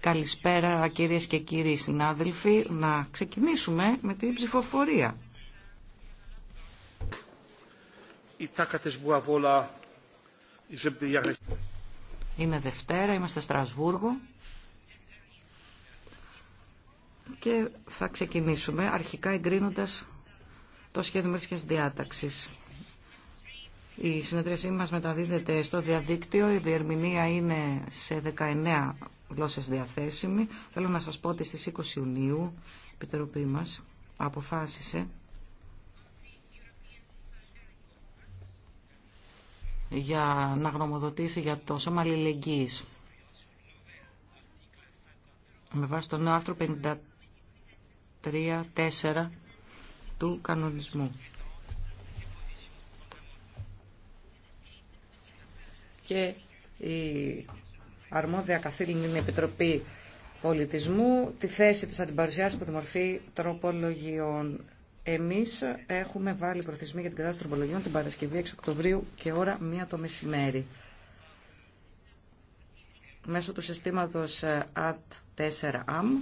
Καλησπέρα κυρίες και κύριοι συνάδελφοι. Να ξεκινήσουμε με την ψηφοφορία. Είναι Δευτέρα, είμαστε Στρασβούργο και θα ξεκινήσουμε αρχικά εγκρίνοντας το σχέδιο μερικές διάταξης. Η συνεδρίασή μας μεταδίδεται στο διαδίκτυο. Η διερμηνία είναι σε 19 γλώσσες διαθέσιμη. Θέλω να σας πω ότι στις 20 Ιουνίου η Επιτροπή μας αποφάσισε για να γνωμοδοτήσει για το σώμα αλληλεγγύης. Με βάση το νέο άρθρο 53-4 του κανονισμού. και η αρμόδια καθήλυνη Επιτροπή Πολιτισμού τη θέση της αντιπαρουσιάσης από τη μορφή τροπολογιών. Εμείς έχουμε βάλει προθεσμή για την κατάσταση τροπολογιών την Παρασκευή 6 Οκτωβρίου και ώρα 1 το μεσημέρι. Μέσω του συστήματος AT4AM ε,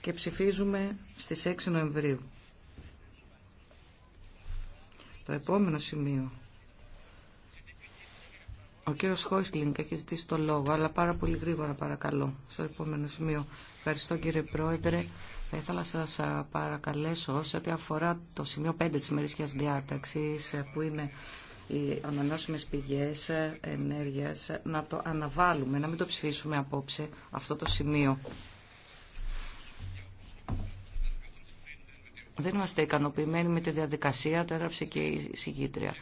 και ψηφίζουμε στις 6 Νοεμβρίου. Το επόμενο σημείο ο κύριο Χόισλινγκ έχει ζητήσει το λόγο, αλλά πάρα πολύ γρήγορα παρακαλώ. Στο επόμενο σημείο. Ευχαριστώ κύριε Πρόεδρε. Θα ήθελα να σας παρακαλέσω σε ό,τι αφορά το σημείο 5 τη ημερήσια διάταξη, ε, που είναι οι ανανεώσιμε πηγέ ε, ενέργεια, να το αναβάλουμε, να μην το ψηφίσουμε απόψε αυτό το σημείο. Δεν είμαστε ικανοποιημένοι με τη διαδικασία, το έγραψε και η συγκήτρια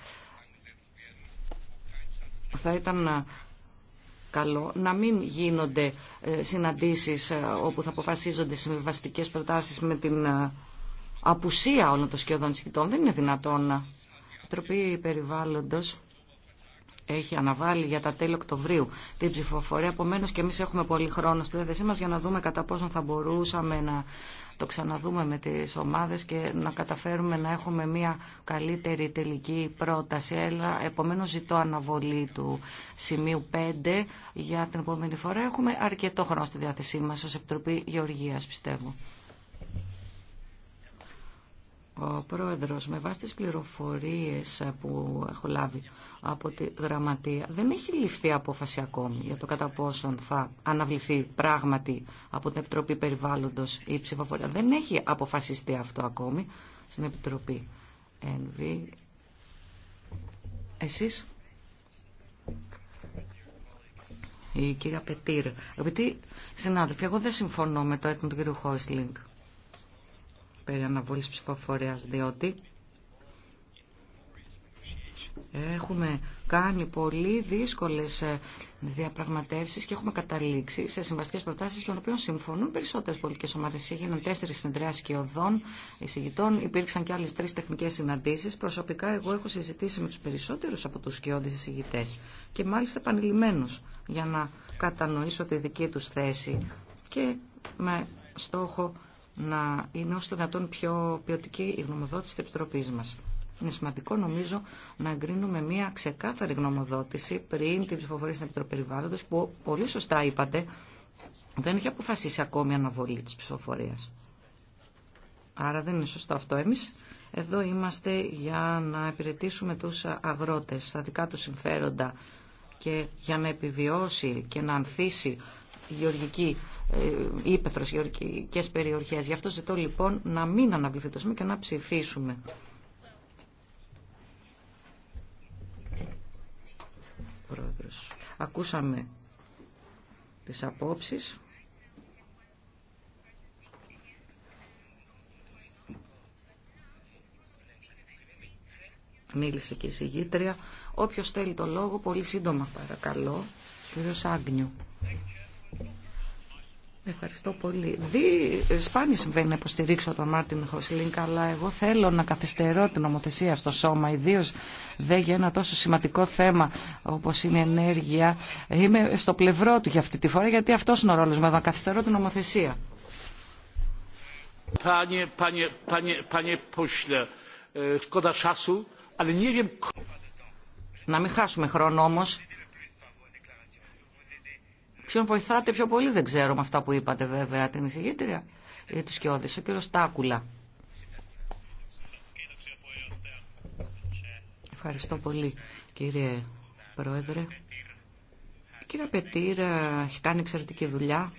θα ήταν ε, καλό να μην γίνονται ε, συναντήσεις ε, όπου θα αποφασίζονται συμβιβαστικές προτάσεις με την απουσία όλων των σκιωδών συγκητών. Δεν είναι δυνατόν. Η Περιβάλλοντος έχει αναβάλει για τα τέλη Οκτωβρίου την ψηφοφορία. Επομένω και εμεί έχουμε πολύ χρόνο στη διάθεσή μα για να δούμε κατά πόσο θα μπορούσαμε να το ξαναδούμε με τι ομάδε και να καταφέρουμε να έχουμε μια καλύτερη τελική πρόταση. Έλα, επομένω ζητώ αναβολή του σημείου 5 για την επόμενη φορά. Έχουμε αρκετό χρόνο στη διάθεσή μα ω Επιτροπή Γεωργία, πιστεύω. Ο πρόεδρος, με βάση τις πληροφορίες που έχω λάβει από τη γραμματεία, δεν έχει ληφθεί απόφαση ακόμη για το κατά πόσον θα αναβληθεί πράγματι από την Επιτροπή Περιβάλλοντος η ψηφοφορία. Δεν έχει αποφασιστεί αυτό ακόμη στην Επιτροπή. Ενδύ... Εσείς. Η κυρία Πετήρ. Επειδή, συνάδελφοι, εγώ δεν συμφωνώ με το έτοιμο του κυρίου Χόισλινγκ περί αναβολής ψηφοφορίας, διότι έχουμε κάνει πολύ δύσκολες ε, διαπραγματεύσεις και έχουμε καταλήξει σε συμβαστικές προτάσεις των οποίων συμφωνούν περισσότερες πολιτικές ομάδες. Έγιναν τέσσερις συνεδριάσεις και οδών εισηγητών, υπήρξαν και άλλες τρεις τεχνικές συναντήσεις. Προσωπικά εγώ έχω συζητήσει με τους περισσότερους από τους σκιώδεις εισηγητές και μάλιστα επανειλημμένους για να κατανοήσω τη δική τους θέση και με στόχο να είναι όσο το δυνατόν πιο ποιοτική η γνωμοδότηση της Επιτροπής μας. Είναι σημαντικό, νομίζω, να εγκρίνουμε μια ξεκάθαρη γνωμοδότηση πριν την ψηφοφορία στην Επιτροπή Περιβάλλοντο, που πολύ σωστά είπατε, δεν έχει αποφασίσει ακόμη αναβολή τη ψηφοφορία. Άρα δεν είναι σωστό αυτό. εμείς. εδώ είμαστε για να υπηρετήσουμε τους αγρότες, τα δικά του συμφέροντα και για να επιβιώσει και να ανθίσει η γεωργική ε, ύπεθρος γεωργικές περιοχές. Γι' αυτό ζητώ λοιπόν να μην αναβληθεί το σημείο και να ψηφίσουμε. Πρόεδρος. Ακούσαμε τις απόψεις. Μίλησε και η συγγήτρια. Όποιος θέλει το λόγο, πολύ σύντομα παρακαλώ. Κύριος Άγνιου. Ευχαριστώ πολύ. Δι... Ε, σπάνια συμβαίνει να υποστηρίξω τον Μάρτιν Χοσλίνκ, αλλά εγώ θέλω να καθυστερώ την νομοθεσία στο σώμα, ιδίω δε για ένα τόσο σημαντικό θέμα όπω είναι η ενέργεια. Είμαι στο πλευρό του για αυτή τη φορά, γιατί αυτό είναι ο ρόλο μου, να καθυστερώ την νομοθεσία. Να μην χάσουμε χρόνο όμως. Ποιον βοηθάτε πιο πολύ δεν ξέρω με αυτά που είπατε βέβαια την εισηγήτρια ή τους Κιώδης, ο κύριος Τάκουλα. Ευχαριστώ πολύ κύριε Πρόεδρε. Η του κιωδης ο κύριο τακουλα έχει κάνει Κύριε δουλειά.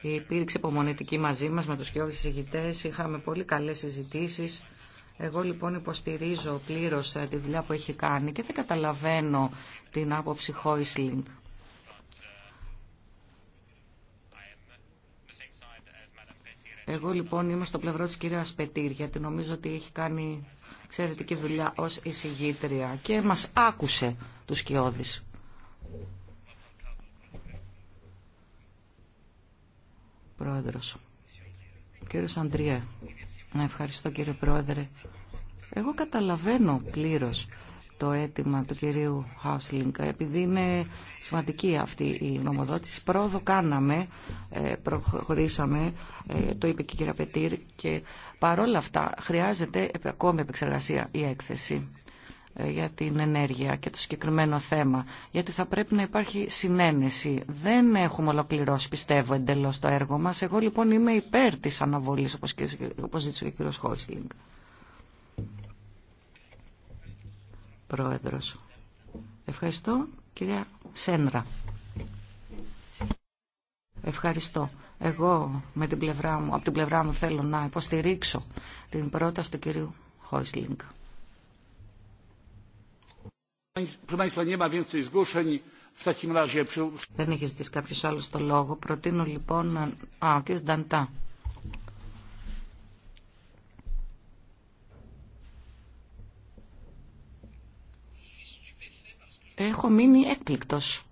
Υπήρξε υπομονετική μαζί μας με τους Κιώδης εισηγητές. Είχαμε πολύ καλές συζητήσεις. Εγώ λοιπόν υποστηρίζω πλήρως ε, τη δουλειά που έχει κάνει και δεν καταλαβαίνω την άποψη Χόισλινγκ Εγώ λοιπόν είμαι στο πλευρό της κυρίας Πετήρ, γιατί νομίζω ότι έχει κάνει εξαιρετική δουλειά ως εισηγήτρια και μας άκουσε τους Κιώδης. Πρόεδρος. Κύριος Αντριέ, να ευχαριστώ κύριε Πρόεδρε. Εγώ καταλαβαίνω πλήρως το αίτημα του κυρίου Χάουσλινγκ, επειδή είναι σημαντική αυτή η νομοδότηση, Πρόοδο κάναμε, ε, προχωρήσαμε, ε, το είπε και η κυρία Πετήρ, και παρόλα αυτά χρειάζεται ακόμη επεξεργασία η έκθεση ε, για την ενέργεια και το συγκεκριμένο θέμα, γιατί θα πρέπει να υπάρχει συνένεση. Δεν έχουμε ολοκληρώσει, πιστεύω, εντελώς το έργο μας. Εγώ λοιπόν είμαι υπέρ της αναβολής, όπως ζήτησε ο κ. Χόισλινγκ. Ευχαριστώ, κυρία Σένρα. Ευχαριστώ. Εγώ με την πλευρά μου, από την πλευρά μου θέλω να υποστηρίξω την πρόταση του κυρίου Χόισλινγκ. Δεν έχει ζητήσει κάποιο άλλο το λόγο. Προτείνω λοιπόν. Α, ο κύριο Νταντά. έχω μείνει έκπληκτος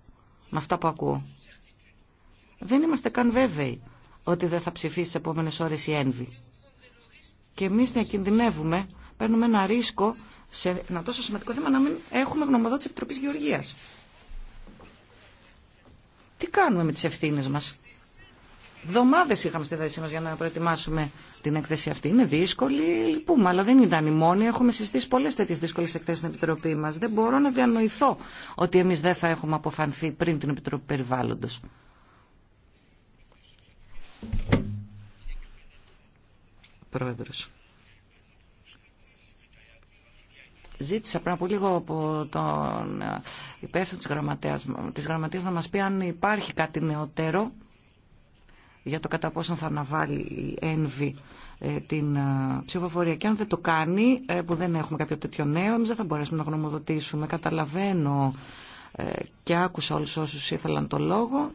με αυτά που ακούω. Δεν είμαστε καν βέβαιοι ότι δεν θα ψηφίσει τι επόμενες ώρες η Ένβη. Και εμείς να κινδυνεύουμε, παίρνουμε ένα ρίσκο σε ένα τόσο σημαντικό θέμα να μην έχουμε γνωμοδότηση Επιτροπής Γεωργίας. Τι κάνουμε με τις ευθύνες μας. Δομάδες είχαμε στη θέση μας για να προετοιμάσουμε την έκθεση αυτή. Είναι δύσκολη, λυπούμε, αλλά δεν ήταν η μόνη. Έχουμε συστήσει πολλέ τέτοιε δύσκολε εκθέσει στην Επιτροπή μα. Δεν μπορώ να διανοηθώ ότι εμεί δεν θα έχουμε αποφανθεί πριν την Επιτροπή Περιβάλλοντο. Πρόεδρος. Ζήτησα πριν από λίγο από τον υπεύθυνο της γραμματείας, της γραμματείας να μας πει αν υπάρχει κάτι νεότερο για το κατά πόσο θα αναβάλει η ΕΝΒΗ την ε, ψηφοφορία. Και αν δεν το κάνει, ε, που δεν έχουμε κάποιο τέτοιο νέο, εμείς δεν θα μπορέσουμε να γνωμοδοτήσουμε. Καταλαβαίνω ε, και άκουσα όλους όσου ήθελαν το λόγο.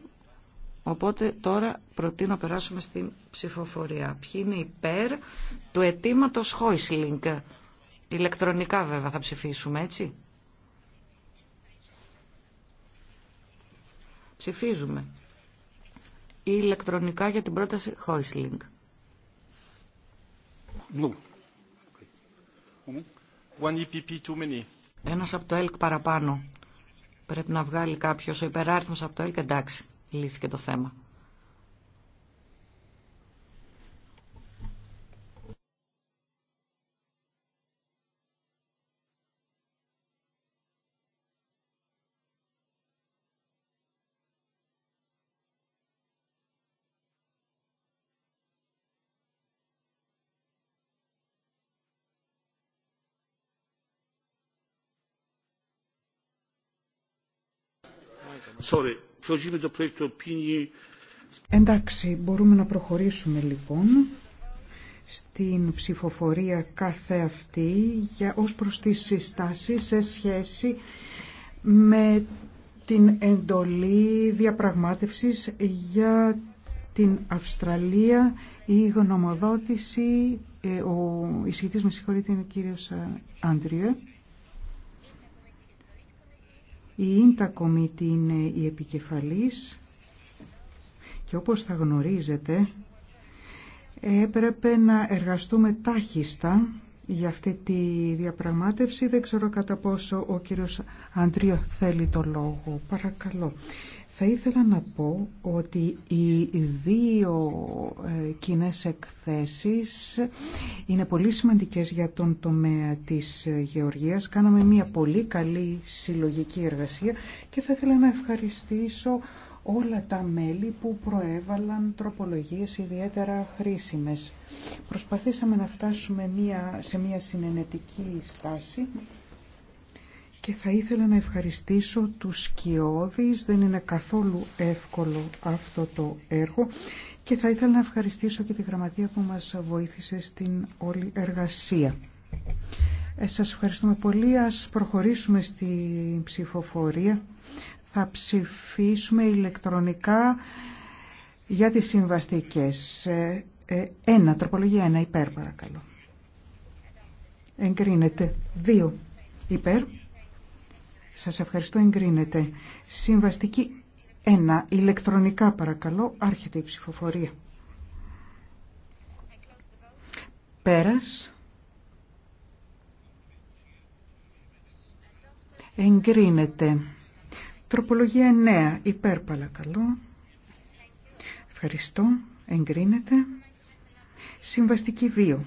Οπότε τώρα προτείνω να περάσουμε στην ψηφοφορία. Ποιοι είναι υπέρ του αιτήματο Χόισλινγκ. Ηλεκτρονικά βέβαια θα ψηφίσουμε, έτσι. Ψηφίζουμε ηλεκτρονικά για την πρόταση Χόισλινγκ. E Ένα από το ΕΛΚ παραπάνω. Πρέπει να βγάλει κάποιο ο υπεράριθμο από το ΕΛΚ. Εντάξει, λύθηκε το θέμα. Το Εντάξει, μπορούμε να προχωρήσουμε λοιπόν στην ψηφοφορία κάθε αυτή για, ως προς τη συστάσεις σε σχέση με την εντολή διαπραγμάτευσης για την Αυστραλία η γνωμοδότηση, ε, ο εισηγητής με συγχωρείτε είναι ο κύριος ε, Άντριε. Η Ίντα Κομίτη είναι η επικεφαλής και όπως θα γνωρίζετε έπρεπε να εργαστούμε τάχιστα για αυτή τη διαπραγμάτευση. Δεν ξέρω κατά πόσο ο κύριος Αντρίο θέλει το λόγο. Παρακαλώ. Θα ήθελα να πω ότι οι δύο ε, κοινέ εκθέσεις είναι πολύ σημαντικές για τον τομέα της ε, γεωργίας. Κάναμε μια πολύ καλή συλλογική εργασία και θα ήθελα να ευχαριστήσω όλα τα μέλη που προέβαλαν τροπολογίες ιδιαίτερα χρήσιμες. Προσπαθήσαμε να φτάσουμε μια, σε μια συνενετική στάση και θα ήθελα να ευχαριστήσω τους Σκιώδης, δεν είναι καθόλου εύκολο αυτό το έργο και θα ήθελα να ευχαριστήσω και τη γραμματεία που μας βοήθησε στην όλη εργασία. Ε, σας ευχαριστούμε πολύ. Ας προχωρήσουμε στη ψηφοφορία. Θα ψηφίσουμε ηλεκτρονικά για τις συμβαστικές. Ε, ε, ένα, τροπολογία ένα, υπέρ παρακαλώ. Εγκρίνεται. Δύο, υπέρ σας ευχαριστώ, εγκρίνεται. Συμβαστική 1. Ηλεκτρονικά παρακαλώ, άρχεται η ψηφοφορία. Πέρας. Εγκρίνεται. Τροπολογία 9. Υπέρ παρακαλώ. Ευχαριστώ. Εγκρίνεται. Συμβαστική 2.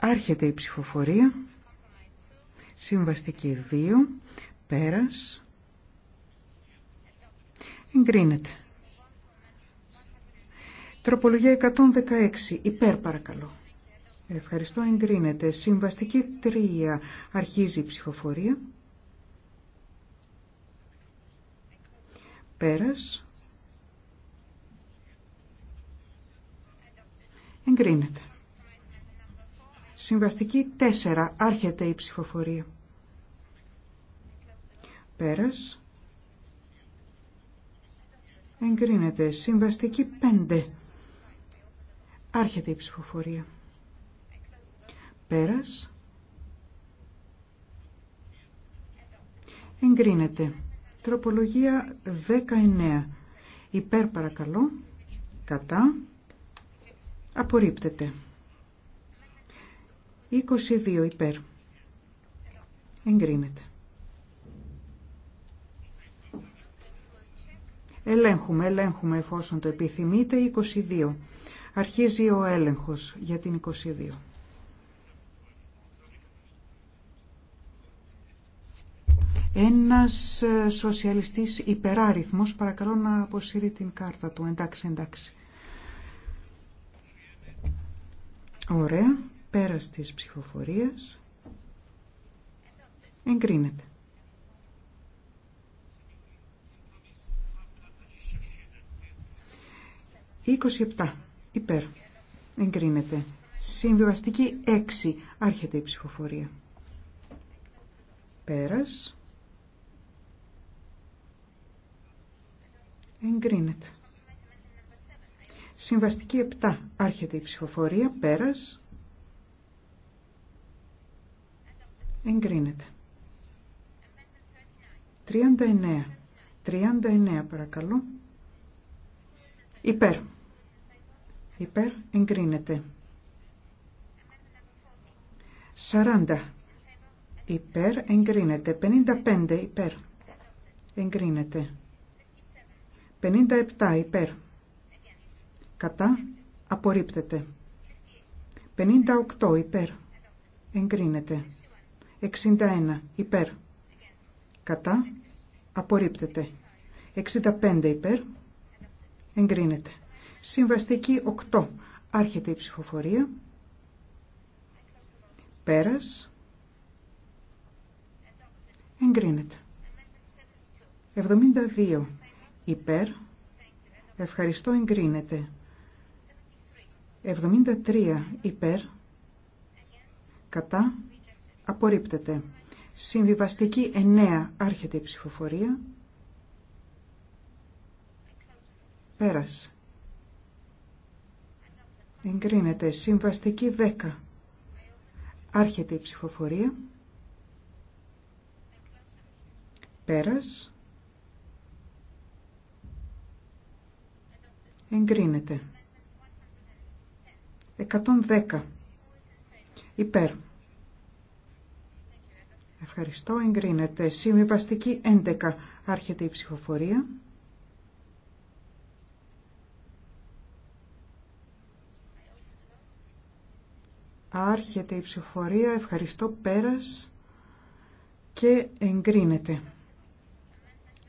Άρχεται η ψηφοφορία. Συμβαστική 2. Πέρας. Εγκρίνεται. Τροπολογία 116. Υπέρ παρακαλώ. Ευχαριστώ. Εγκρίνεται. Συμβαστική 3. Αρχίζει η ψηφοφορία. Πέρας. Εγκρίνεται. Συμβαστική 4. Άρχεται η ψηφοφορία. Πέρας. Εγκρίνεται. Συμβαστική 5. Άρχεται η ψηφοφορία. Πέρας. Εγκρίνεται. Τροπολογία 19. Υπέρ παρακαλώ. Κατά. Απορρίπτεται. 22 υπέρ. Εγκρίνεται. Ελέγχουμε, ελέγχουμε εφόσον το επιθυμείτε. 22. Αρχίζει ο έλεγχος για την 22. Ένας ε, σοσιαλιστής υπεράριθμος, παρακαλώ να αποσύρει την κάρτα του. Εντάξει, εντάξει. Ωραία. Πέρας της ψηφοφορίας. Εγκρίνεται. 27 υπέρ. Εγκρίνεται. Συμβιβαστική 6. Άρχεται η ψηφοφορία. Πέρας. Εγκρίνεται. Συμβαστική 7. Άρχεται η ψηφοφορία. Πέρας. Εγκρίνεται. 39. 39 παρακαλώ. Υπέρ υπέρ εγκρίνεται. 40 υπέρ εγκρίνεται. 55 υπέρ εγκρίνεται. 57 υπέρ κατά απορρίπτεται. 58 υπέρ εγκρίνεται. 61 υπέρ κατά απορρίπτεται. 65 υπέρ εγκρίνεται. Συμβαστική 8. Άρχεται η ψηφοφορία. Πέρας. Εγκρίνεται. 72. Υπέρ. Ευχαριστώ εγκρίνεται. 73. Υπέρ. Κατά. Απορρίπτεται. Συμβιβαστική 9. Άρχεται η ψηφοφορία. Πέρας. Εγκρίνεται. Συμβαστική 10. Άρχεται η ψηφοφορία. Πέρας. Εγκρίνεται. 110. Υπέρ. Ευχαριστώ. Εγκρίνεται. Συμβαστική 11. Άρχεται η ψηφοφορία. Άρχεται η ψηφοφορία. Ευχαριστώ. Πέρας. Και εγκρίνεται.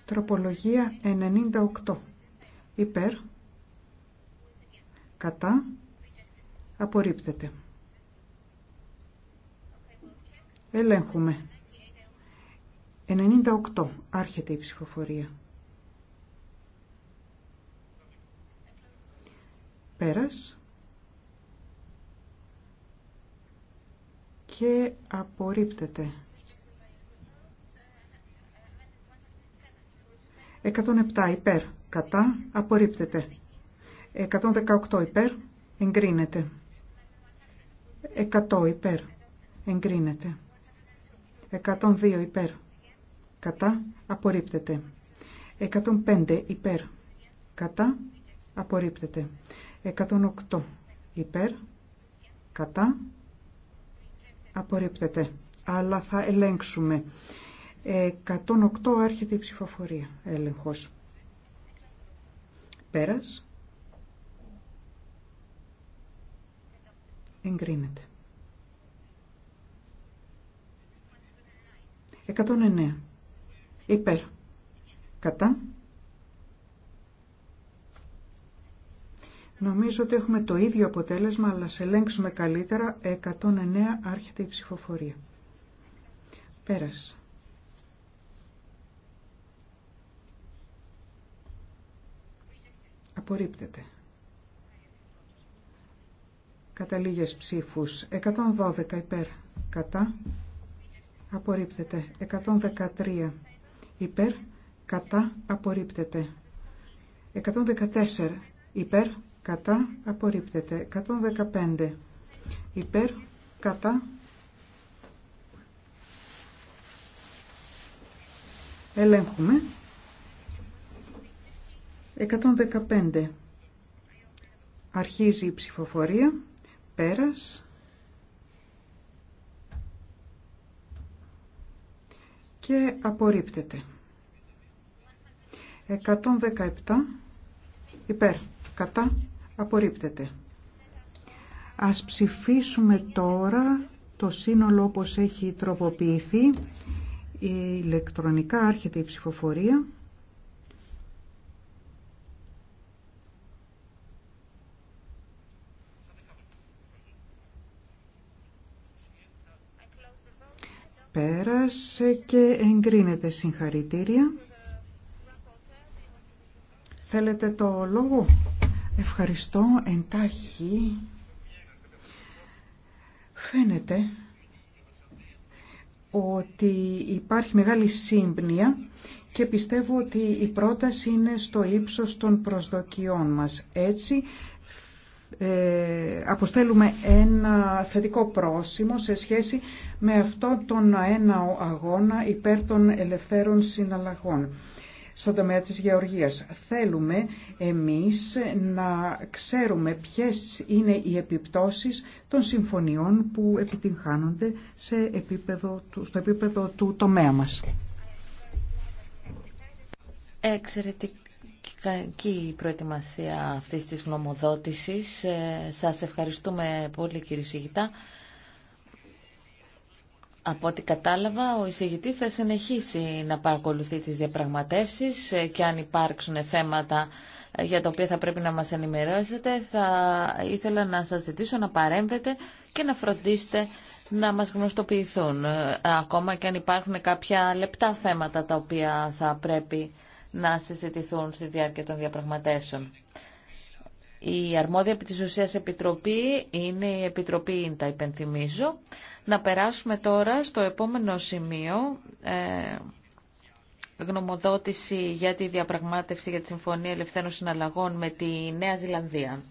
Τροπολογία 98. Υπέρ. Κατά. Απορρίπτεται. Ελέγχουμε. 98. Άρχεται η ψηφοφορία. Πέρας. και απορρίπτεται. 107 υπέρ, κατά, απορρίπτεται. 118 υπέρ, εγκρίνεται. 100 υπέρ, εγκρίνεται. 102 υπέρ, κατά, απορρίπτεται. 105 υπέρ, κατά, απορρίπτεται. 108 υπέρ, κατά, Απορρίπτεται. Αλλά θα ελέγξουμε. 108 ε, άρχεται η ψηφοφορία. Έλεγχος. Πέρας. Εγκρίνεται. 109. Υπέρ. Κατά. Νομίζω ότι έχουμε το ίδιο αποτέλεσμα, αλλά σε ελέγξουμε καλύτερα. 109 άρχεται η ψηφοφορία. Πέρασε. Απορρίπτεται. Κατά λίγες ψήφους. 112 υπέρ. Κατά. Απορρίπτεται. 113 υπέρ. Κατά. Απορρίπτεται. 114 υπέρ κατά απορρίπτεται 115 υπέρ κατά ελέγχουμε 115 αρχίζει η ψηφοφορία πέρας και απορρίπτεται 117 υπέρ κατά Απορρίπτεται. Ας ψηφίσουμε τώρα το σύνολο όπως έχει τροποποιηθεί. Η ηλεκτρονικά άρχεται η ψηφοφορία. Πέρασε και εγκρίνεται συγχαρητήρια. Θέλετε το λόγο. Ευχαριστώ εντάχει. Φαίνεται ότι υπάρχει μεγάλη σύμπνοια και πιστεύω ότι η πρόταση είναι στο ύψος των προσδοκιών μας. Έτσι ε, αποστέλουμε ένα θετικό πρόσημο σε σχέση με αυτό τον ένα αγώνα υπέρ των ελευθέρων συναλλαγών. Στο τομέα της γεωργίας. Θέλουμε εμείς να ξέρουμε ποιες είναι οι επιπτώσεις των συμφωνιών που επιτυγχάνονται σε επίπεδο, στο επίπεδο του τομέα μας. Εξαιρετικά η προετοιμασία αυτής της γνωμοδότησης. Ε, σας ευχαριστούμε πολύ κύριε Σιγητά. Από ό,τι κατάλαβα, ο εισηγητής θα συνεχίσει να παρακολουθεί τις διαπραγματεύσεις ε, και αν υπάρξουν θέματα ε, για τα οποία θα πρέπει να μας ενημερώσετε, θα ήθελα να σας ζητήσω να παρέμβετε και να φροντίσετε να μας γνωστοποιηθούν, ε, ακόμα και αν υπάρχουν κάποια λεπτά θέματα τα οποία θα πρέπει να συζητηθούν στη διάρκεια των διαπραγματεύσεων. Η αρμόδια επί επιτροπή είναι η Επιτροπή Ίντα, υπενθυμίζω. Να περάσουμε τώρα στο επόμενο σημείο, ε, γνωμοδότηση για τη διαπραγμάτευση για τη Συμφωνία Ελευθέρων Συναλλαγών με τη Νέα Ζηλανδία.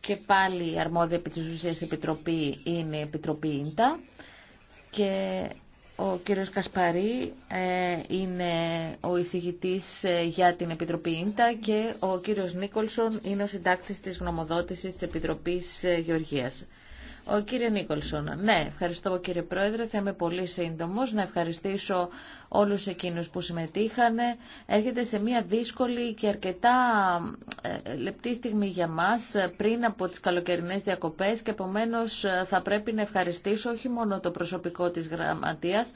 Και πάλι η αρμόδια επί της επιτροπή είναι η Επιτροπή Ίντα. Και ο κύριος Κασπαρή ε, είναι ο εισηγητής ε, για την Επιτροπή Ίντα και ο κύριος Νίκολσον είναι ο συντάκτης της γνωμοδότησης της Επιτροπής ε, Γεωργίας. Ο κύριε Νίκολσον, ναι, ευχαριστώ κύριε Πρόεδρε, θα είμαι πολύ σύντομο να ευχαριστήσω όλους εκείνους που συμμετείχανε. Έρχεται σε μια δύσκολη και αρκετά ε, λεπτή στιγμή για μας πριν από τις καλοκαιρινές διακοπές και επομένως ε, θα πρέπει να ευχαριστήσω όχι μόνο το προσωπικό της γραμματείας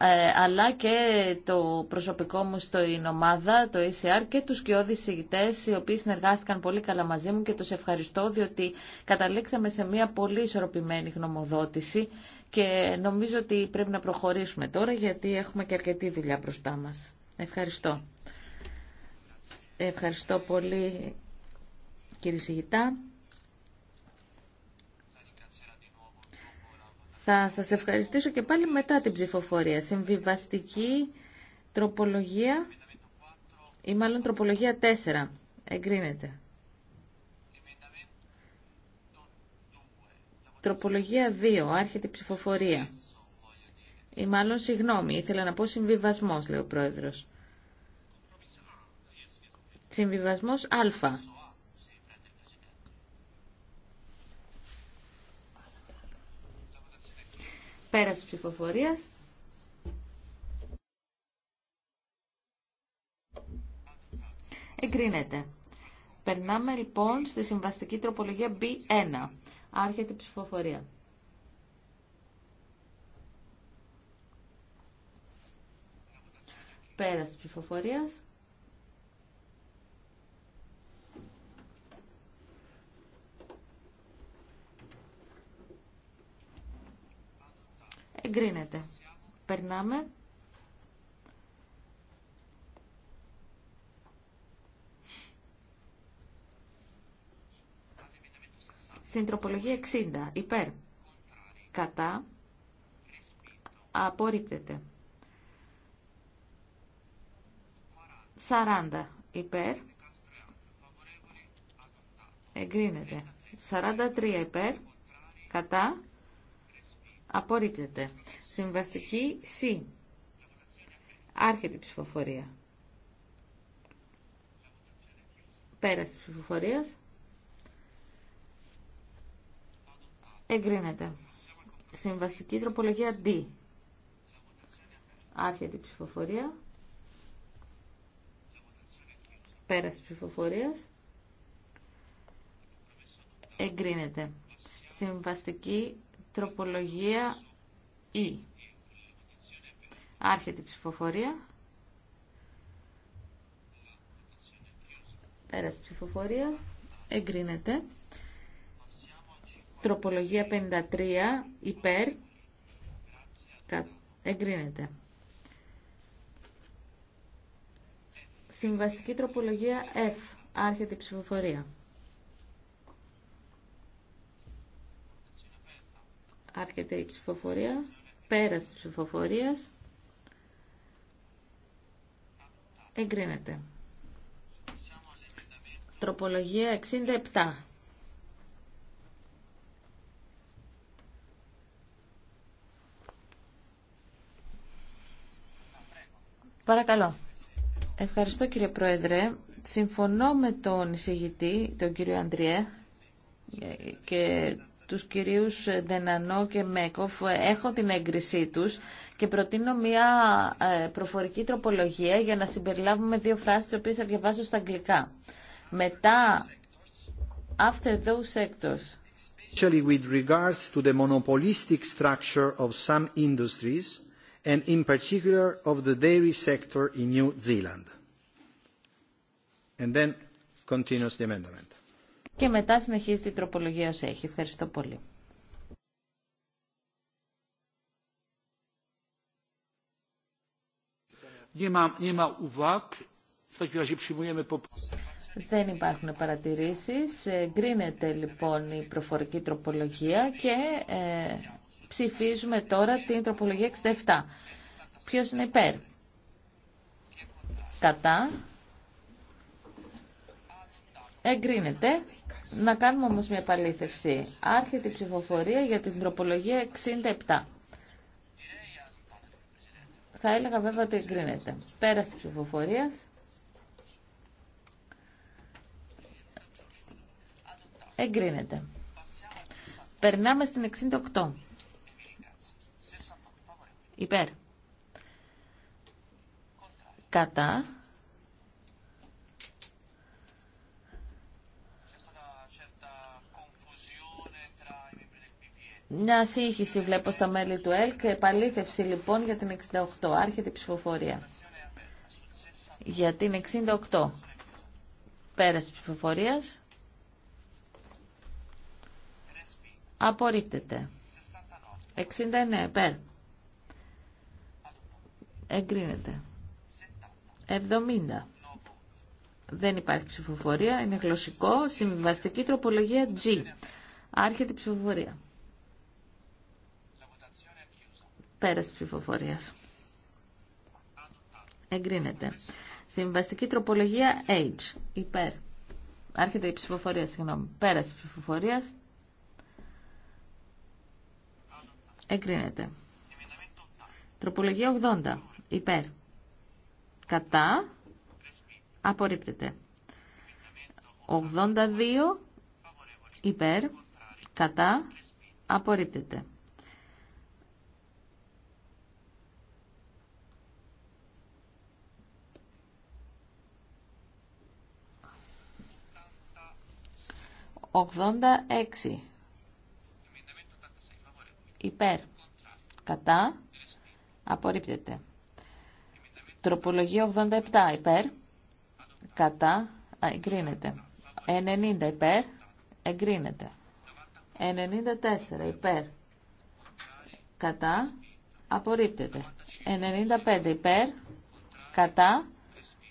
ε, αλλά και το προσωπικό μου στο ομάδα, το ECR και τους κοιόδης συγητές οι οποίοι συνεργάστηκαν πολύ καλά μαζί μου και τους ευχαριστώ διότι καταλήξαμε σε μια πολύ ισορροπημένη γνωμοδότηση και νομίζω ότι πρέπει να προχωρήσουμε τώρα γιατί έχουμε και αρκετή δουλειά μπροστά μας. Ευχαριστώ. Ευχαριστώ πολύ κύριε Σιγητά. Θα σας ευχαριστήσω και πάλι μετά την ψηφοφορία. Συμβιβαστική τροπολογία ή μάλλον τροπολογία 4. Εγκρίνεται. Τροπολογία 2. Άρχεται η ψηφοφορία. Ή μάλλον συγγνώμη, ήθελα να πω συμβιβασμό, λέει ο πρόεδρος. Συμβιβασμό Α. πέρα τη ψηφοφορίας. Εγκρίνεται. Περνάμε λοιπόν στη συμβαστική τροπολογία B1. Άρχεται η ψηφοφορία. Πέρας της ψηφοφορίας. Εγκρίνεται. Περνάμε Στην τροπολογία 60. Υπέρ. Κατά. Απορρίπτεται. 40. Υπέρ. Εγκρίνεται. 43 υπέρ. Κατά. Απορρίπτεται. Συμβαστική C. Άρχεται η ψηφοφορία. Πέραση της ψηφοφορίας. Εγκρίνεται. Συμβαστική τροπολογία D. Άρχεται τη ψηφοφορία. Πέραση της ψηφοφορίας. Εγκρίνεται. Συμβαστική τροπολογία E. Άρχεται η ψηφοφορία. Πέραση ψηφοφορίας. Εγκρίνεται. Τροπολογία 53 υπέρ. Εγκρίνεται. Συμβαστική τροπολογία F. Άρχεται η ψηφοφορία. Άρχεται η ψηφοφορία. Πέραση της ψηφοφορίας. Εγκρίνεται. Τροπολογία 67. Παρακαλώ. Ευχαριστώ κύριε Πρόεδρε. Συμφωνώ με τον εισηγητή, τον κύριο Αντριέ και τους κυρίους Δενανό και Μέκοφ. Έχω την έγκρισή τους και προτείνω μια ε, προφορική τροπολογία για να συμπεριλάβουμε δύο φράσεις τις οποίες θα διαβάσω στα αγγλικά. Μετά, after those sectors. Especially with regards to the monopolistic structure of some industries, and in particular of the dairy sector in New Zealand. Και μετά συνεχίζει η τροπολογία ως έχει. Ευχαριστώ πολύ. Δεν υπάρχουν παρατηρήσεις. Γκρίνεται λοιπόν η προφορική τροπολογία και ε, ψηφίζουμε τώρα την τροπολογία 67. Ποιος είναι υπέρ. Κατά. Εγκρίνεται. Να κάνουμε όμως μια παλήθευση. Άρχεται η ψηφοφορία για την τροπολογία 67. Θα έλεγα βέβαια ότι εγκρίνεται. Πέρασε η ψηφοφορία. Εγκρίνεται. Περνάμε στην 68. Υπέρ. Κατά. Μια σύγχυση βλέπω στα μέλη του ΕΛΚ. Επαλήθευση λοιπόν για την 68. Άρχεται η ψηφοφορία. Για την 68. Πέραση ψηφοφορίας. Απορρίπτεται. 69. Πέρα εγκρίνεται. 70. Δεν υπάρχει ψηφοφορία, είναι γλωσσικό. Συμβιβαστική τροπολογία G. Άρχεται η ψηφοφορία. Πέρας ψηφοφορίας. Εγκρίνεται. Συμβαστική τροπολογία H. Υπέρ. Άρχεται η ψηφοφορία, συγγνώμη. Πέρας ψηφοφορίας. Εγκρίνεται. Τροπολογία 80 υπέρ κατά απορρίπτεται 82 υπέρ κατά απορρίπτεται Ογδόντα έξι. Υπέρ. Κατά. Απορρίπτεται. Τροπολογία 87 υπέρ. Κατά. Α, εγκρίνεται. 90 υπέρ. Εγκρίνεται. 94 υπέρ. Κατά. Απορρίπτεται. 95 υπέρ. Κατά.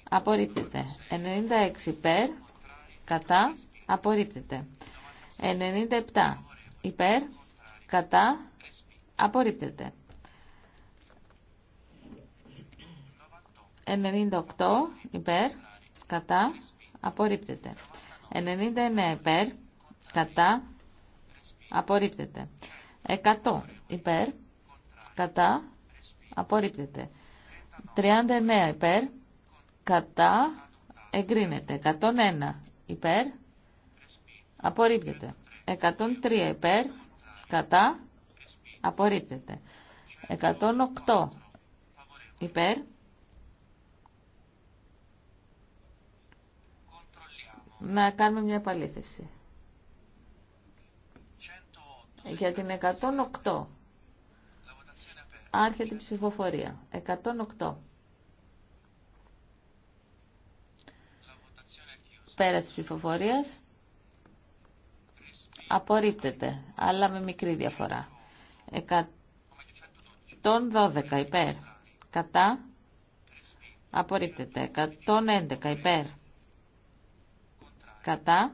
Απορρίπτεται. 96 υπέρ. Κατά. Απορρίπτεται. 97 υπέρ. Κατά. Απορρίπτεται. 98 υπέρ, κατά, απορρίπτεται. 99 υπέρ, κατά, απορρίπτεται. 100 υπέρ, κατά, απορρίπτεται. 39 υπέρ, κατά, εγκρίνεται. 101 υπέρ, απορρίπτεται. 103 υπέρ, κατά, απορρίπτεται. 108 υπέρ, Να κάνουμε μια επαλήθευση. Για την 108. Άρχεται η ψηφοφορία. 108. Πέραση ψηφοφορίας. Απορρίπτεται, αλλά με μικρή διαφορά. 112 υπέρ. Κατά. Απορρίπτεται. 111 υπέρ κατά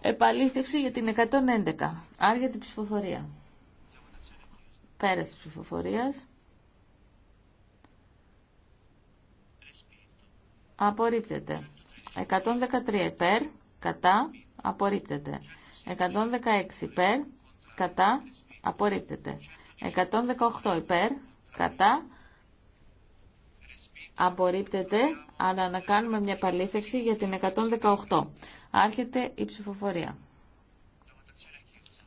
επαλήθευση για την 111 άργια την ψηφοφορία Πέραση της ψηφοφορίας απορρίπτεται 113 υπέρ κατά απορρίπτεται 116 υπέρ κατά απορρίπτεται 118 υπέρ κατά Απορρίπτεται, αλλά να κάνουμε μια επαλήθευση για την 118. Άρχεται η ψηφοφορία.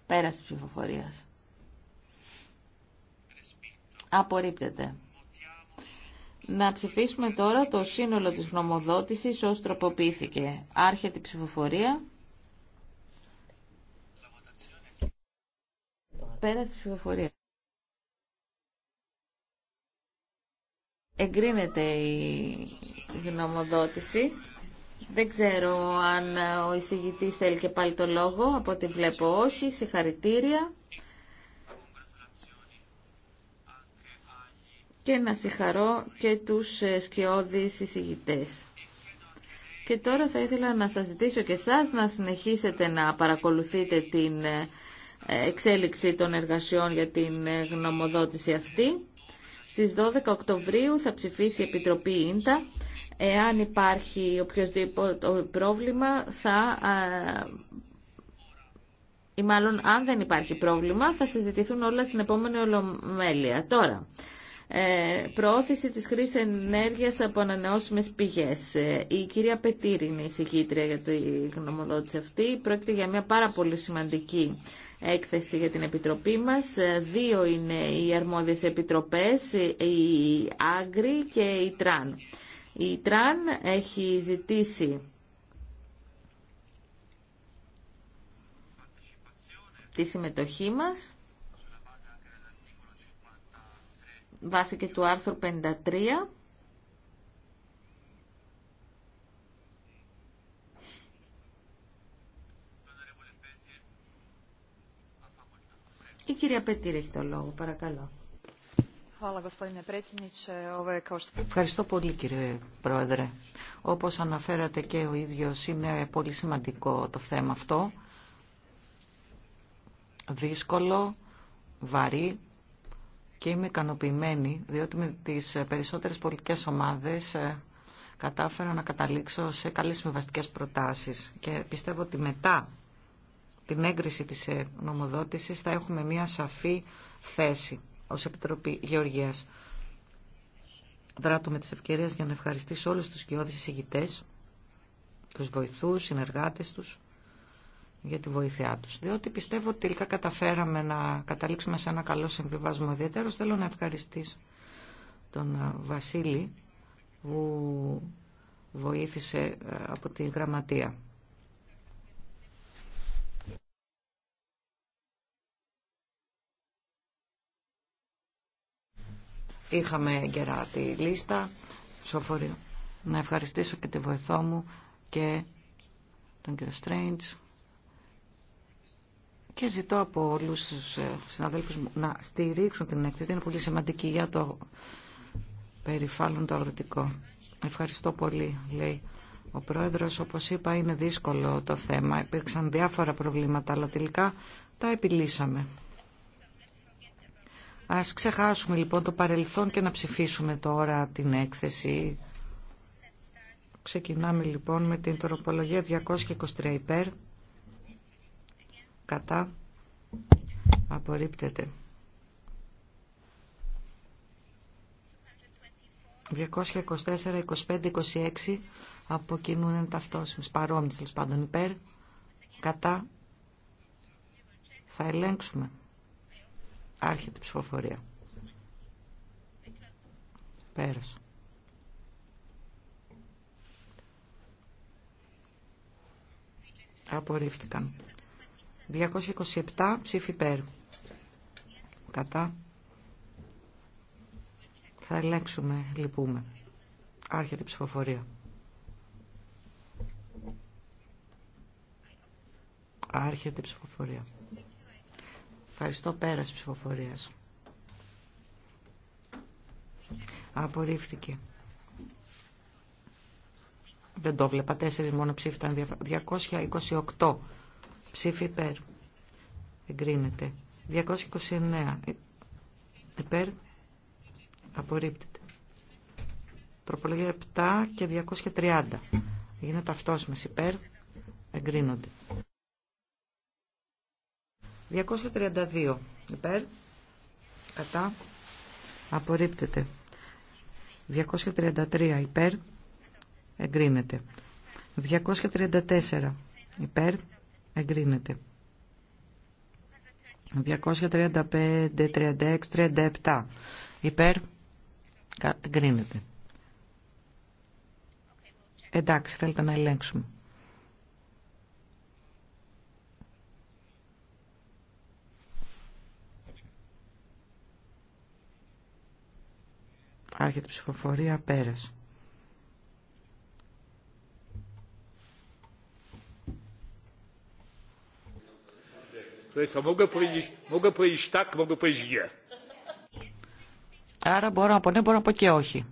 Πέραση ψηφοφορία. Απορρίπτεται. Να ψηφίσουμε τώρα το σύνολο της γνωμοδότησης ως τροποποιήθηκε. Άρχεται η ψηφοφορία. Πέραση ψηφοφορία. Εγκρίνεται η γνωμοδότηση. Δεν ξέρω αν ο εισηγητής θέλει και πάλι το λόγο. Από ό,τι βλέπω όχι. Συγχαρητήρια. Και να συγχαρώ και τους σκιώδεις εισηγητές. Και τώρα θα ήθελα να σας ζητήσω και εσάς να συνεχίσετε να παρακολουθείτε την ε, εξέλιξη των εργασιών για την ε, γνωμοδότηση αυτή. Στις 12 Οκτωβρίου θα ψηφίσει η Επιτροπή Ίντα. Εάν υπάρχει οποιοδήποτε πρόβλημα θα ή μάλλον αν δεν υπάρχει πρόβλημα θα συζητηθούν όλα στην επόμενη ολομέλεια. Τώρα, ε, προώθηση της χρήσης ενέργειας από ανανεώσιμες πηγές. Ε, η κυρία Πετήρη είναι η συγκήτρια για τη γνωμοδότηση αυτή. Πρόκειται για μια πάρα πολύ σημαντική έκθεση για την Επιτροπή μας. Δύο είναι οι αρμόδιες επιτροπές, η Άγκρη και η Τραν. Η Τραν έχει ζητήσει τη συμμετοχή μας βάσει και του άρθρου 53 το λόγο, παρακαλώ. Ευχαριστώ πολύ κύριε Πρόεδρε. Όπως αναφέρατε και ο ίδιος είναι πολύ σημαντικό το θέμα αυτό. Δύσκολο, βαρύ και είμαι ικανοποιημένη διότι με τις περισσότερες πολιτικές ομάδες ε, κατάφερα να καταλήξω σε καλές συμβαστικές προτάσεις και πιστεύω ότι μετά την έγκριση της ε, νομοδότησης θα έχουμε μια σαφή θέση ως Επιτροπή Γεωργίας. Δράτω με τις ευκαιρίες για να ευχαριστήσω όλους τους κοιόδης εισηγητές, τους βοηθούς, συνεργάτες τους για τη βοήθειά τους. Διότι πιστεύω ότι τελικά καταφέραμε να καταλήξουμε σε ένα καλό συμβιβασμό. Ιδιαίτερος θέλω να ευχαριστήσω τον ε, Βασίλη που βοήθησε ε, από τη γραμματεία. Είχαμε καιρά τη λίστα σοφορείο Να ευχαριστήσω και τη βοηθό μου και τον κύριο Strange και ζητώ από όλους τους ε, συναδέλφους μου να στηρίξουν την εκτίμηση. Είναι πολύ σημαντική για το περιφάλλον το αγροτικό. Ευχαριστώ πολύ, λέει. Ο πρόεδρος, όπως είπα, είναι δύσκολο το θέμα. Υπήρξαν διάφορα προβλήματα, αλλά τελικά τα επιλύσαμε. Ας ξεχάσουμε λοιπόν το παρελθόν και να ψηφίσουμε τώρα την έκθεση. Ξεκινάμε λοιπόν με την τροπολογία 223 υπέρ. Κατά. Απορρίπτεται. 224, 25, 26 από κοινού είναι ταυτόσιμες παρόμοιες τέλο πάντων υπέρ. Κατά. Θα ελέγξουμε. Άρχεται η ψηφοφορία. Πέρασε. Απορρίφθηκαν. 227 ψήφι υπέρ. Κατά. Θα ελέγξουμε, λυπούμε. Άρχεται η ψηφοφορία. Άρχεται η ψηφοφορία. Ευχαριστώ. Πέρας ψηφοφορία. Απορρίφθηκε. Δεν το βλέπα. Τέσσερι μόνο ψήφισαν. 228 ψήφι υπέρ. Εγκρίνεται. 229 ε, υπέρ. Απορρίπτεται. Τροπολογία 7 και 230. Γίνεται ταυτόσιμες υπέρ. Εγκρίνονται. 232 υπέρ, κατά, απορρίπτεται. 233 υπέρ, εγκρίνεται. 234 υπέρ, εγκρίνεται. 235, 36, 37 υπέρ, εγκρίνεται. Εντάξει, θέλετε να ελέγξουμε. Άρχεται ψηφοφορία πέρας. Άρα μπορώ να πω ναι, μπορώ να πω και όχι.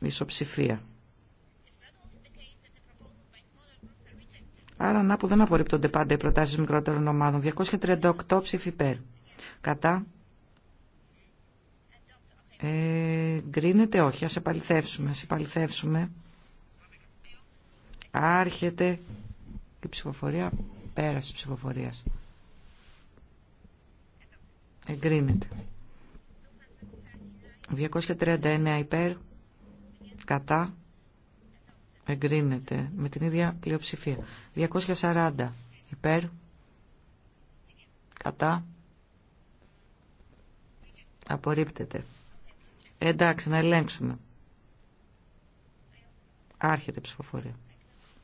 Ισοψηφία. Άρα να που δεν απορρίπτονται πάντα οι προτάσεις μικρότερων ομάδων. 238 ψήφι υπέρ. Κατά. Ε, γκρίνεται, όχι, ας επαληθεύσουμε, ας επαληθεύσουμε. Άρχεται η ψηφοφορία, πέραση ψηφοφορία. Εγκρίνεται. 239 υπέρ, κατά, εγκρίνεται με την ίδια πλειοψηφία. 240 υπέρ, κατά, απορρίπτεται. Εντάξει, να ελέγξουμε. Άρχεται η ψηφοφορία.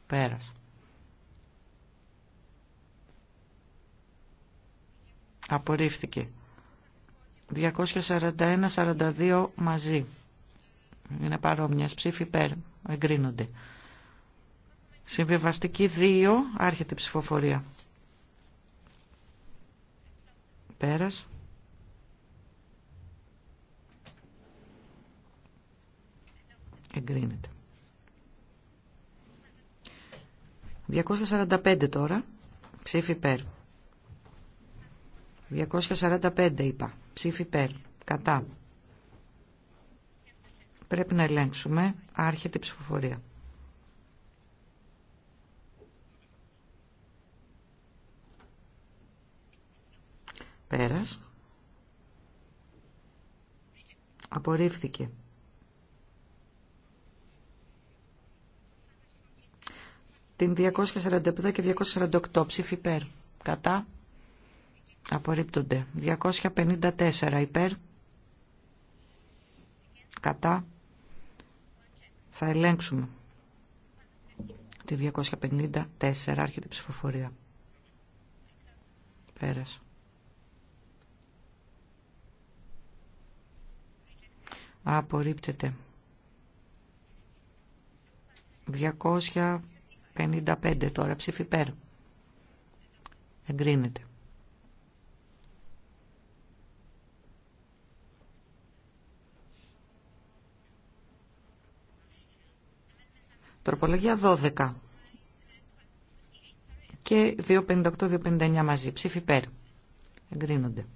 Πέρασε. Απορρίφθηκε. 241-42 μαζί. Είναι παρόμοιες ψήφοι υπέρ. Εγκρίνονται. Συμβιβαστική 2. Άρχεται η ψηφοφορία. Πέρας. Εγκρίνεται. 245 τώρα. Ψήφι υπέρ. 245 είπα. Ψήφι υπέρ. Κατά. Πρέπει να ελέγξουμε. Άρχεται η ψηφοφορία. Πέρας. Απορρίφθηκε. την 247 και 248 ψήφι υπέρ. Κατά. Απορρίπτονται. 254 υπέρ. Κατά. Θα ελέγξουμε. Τη 254 άρχεται η ψηφοφορία. Πέρασε. Απορρίπτεται. 200 55 τώρα ψήφι πέρα. Εγκρίνεται. Τροπολογία 12 και 258-259 μαζί. Ψήφι πέρ Εγκρίνονται.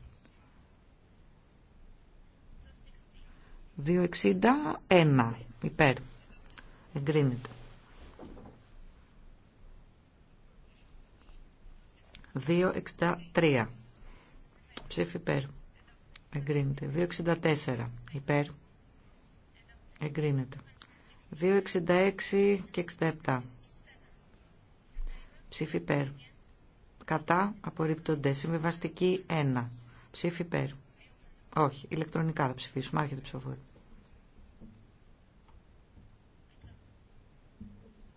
261 υπέρ. Εγκρίνεται. 263. Ψήφι υπέρ. Εγκρίνεται. 264. Υπέρ. Εγκρίνεται. 266 και 67. Ψήφι υπέρ. Κατά απορρίπτονται. Συμβιβαστική 1. Ψήφι υπέρ. Όχι. Ηλεκτρονικά θα ψηφίσουμε. Άρχεται ψηφοφορία.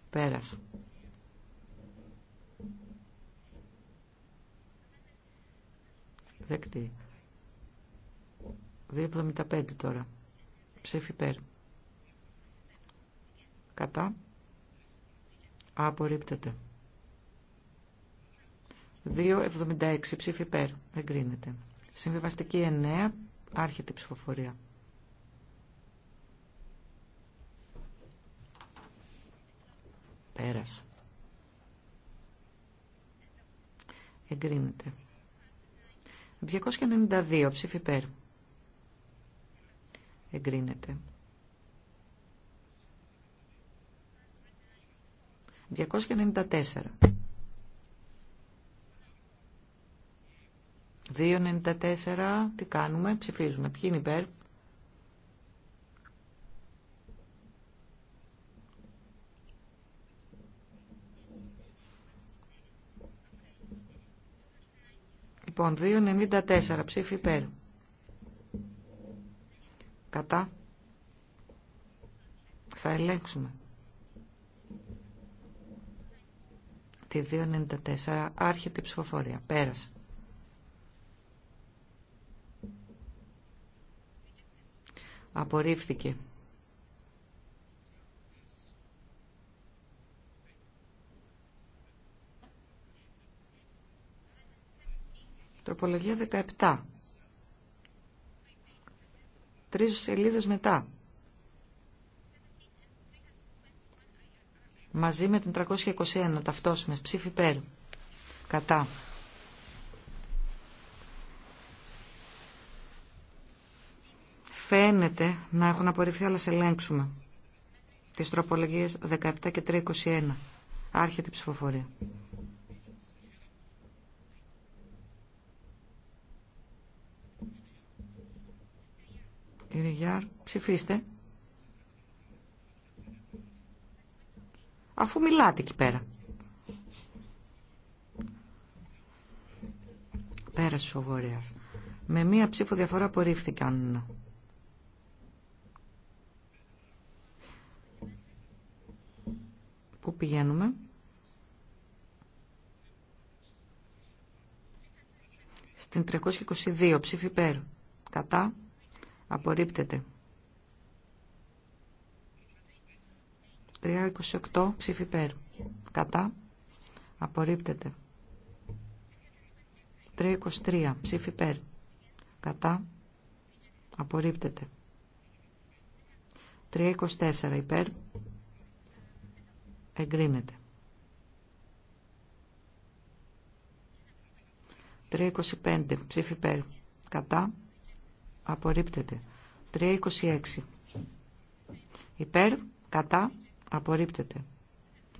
Πέρασε. Δεκτή. 2.75 τώρα. Ψήφι υπέρ. Κατά. Απορρίπτεται. 2.76 ψήφι υπέρ. Εγκρίνεται. Συμβιβαστική 9. Άρχεται η ψηφοφορία. Πέρασε. Εγκρίνεται. 292 ψήφι υπέρ. Εγκρίνεται. 294. 294, τι κάνουμε, ψηφίζουμε. Ποιοι είναι υπέρ, Λοιπόν, 2.94 ψήφι υπέρ. Κατά. Θα ελέγξουμε. Τη 2.94 άρχεται η ψηφοφορία. Πέρασε. Απορρίφθηκε. Τροπολογία 17. Τρεις σελίδες μετά. Μαζί με την 321 ταυτόσιμες ψήφι πέρ. Κατά. Φαίνεται να έχουν απορριφθεί, αλλά σε ελέγξουμε. Τις τροπολογίες 17 και 321. Άρχεται η ψηφοφορία. ψηφίστε. Αφού μιλάτε εκεί πέρα. Πέρασε φοβορίας. Με μία ψήφο διαφορά απορρίφθηκαν. Πού πηγαίνουμε. Στην 322 ψήφι πέρα. Κατά. Απορρίπτεται. 328 ψήφι περ. Κατά. Απορρίπτεται. 323 ψήφι περ. Κατά. Απορρίπτεται. 324 υπέρ. Εγκρίνεται. 325 ψήφι περ. Κατά απορρίπτεται. 326 υπέρ, κατά, απορρίπτεται.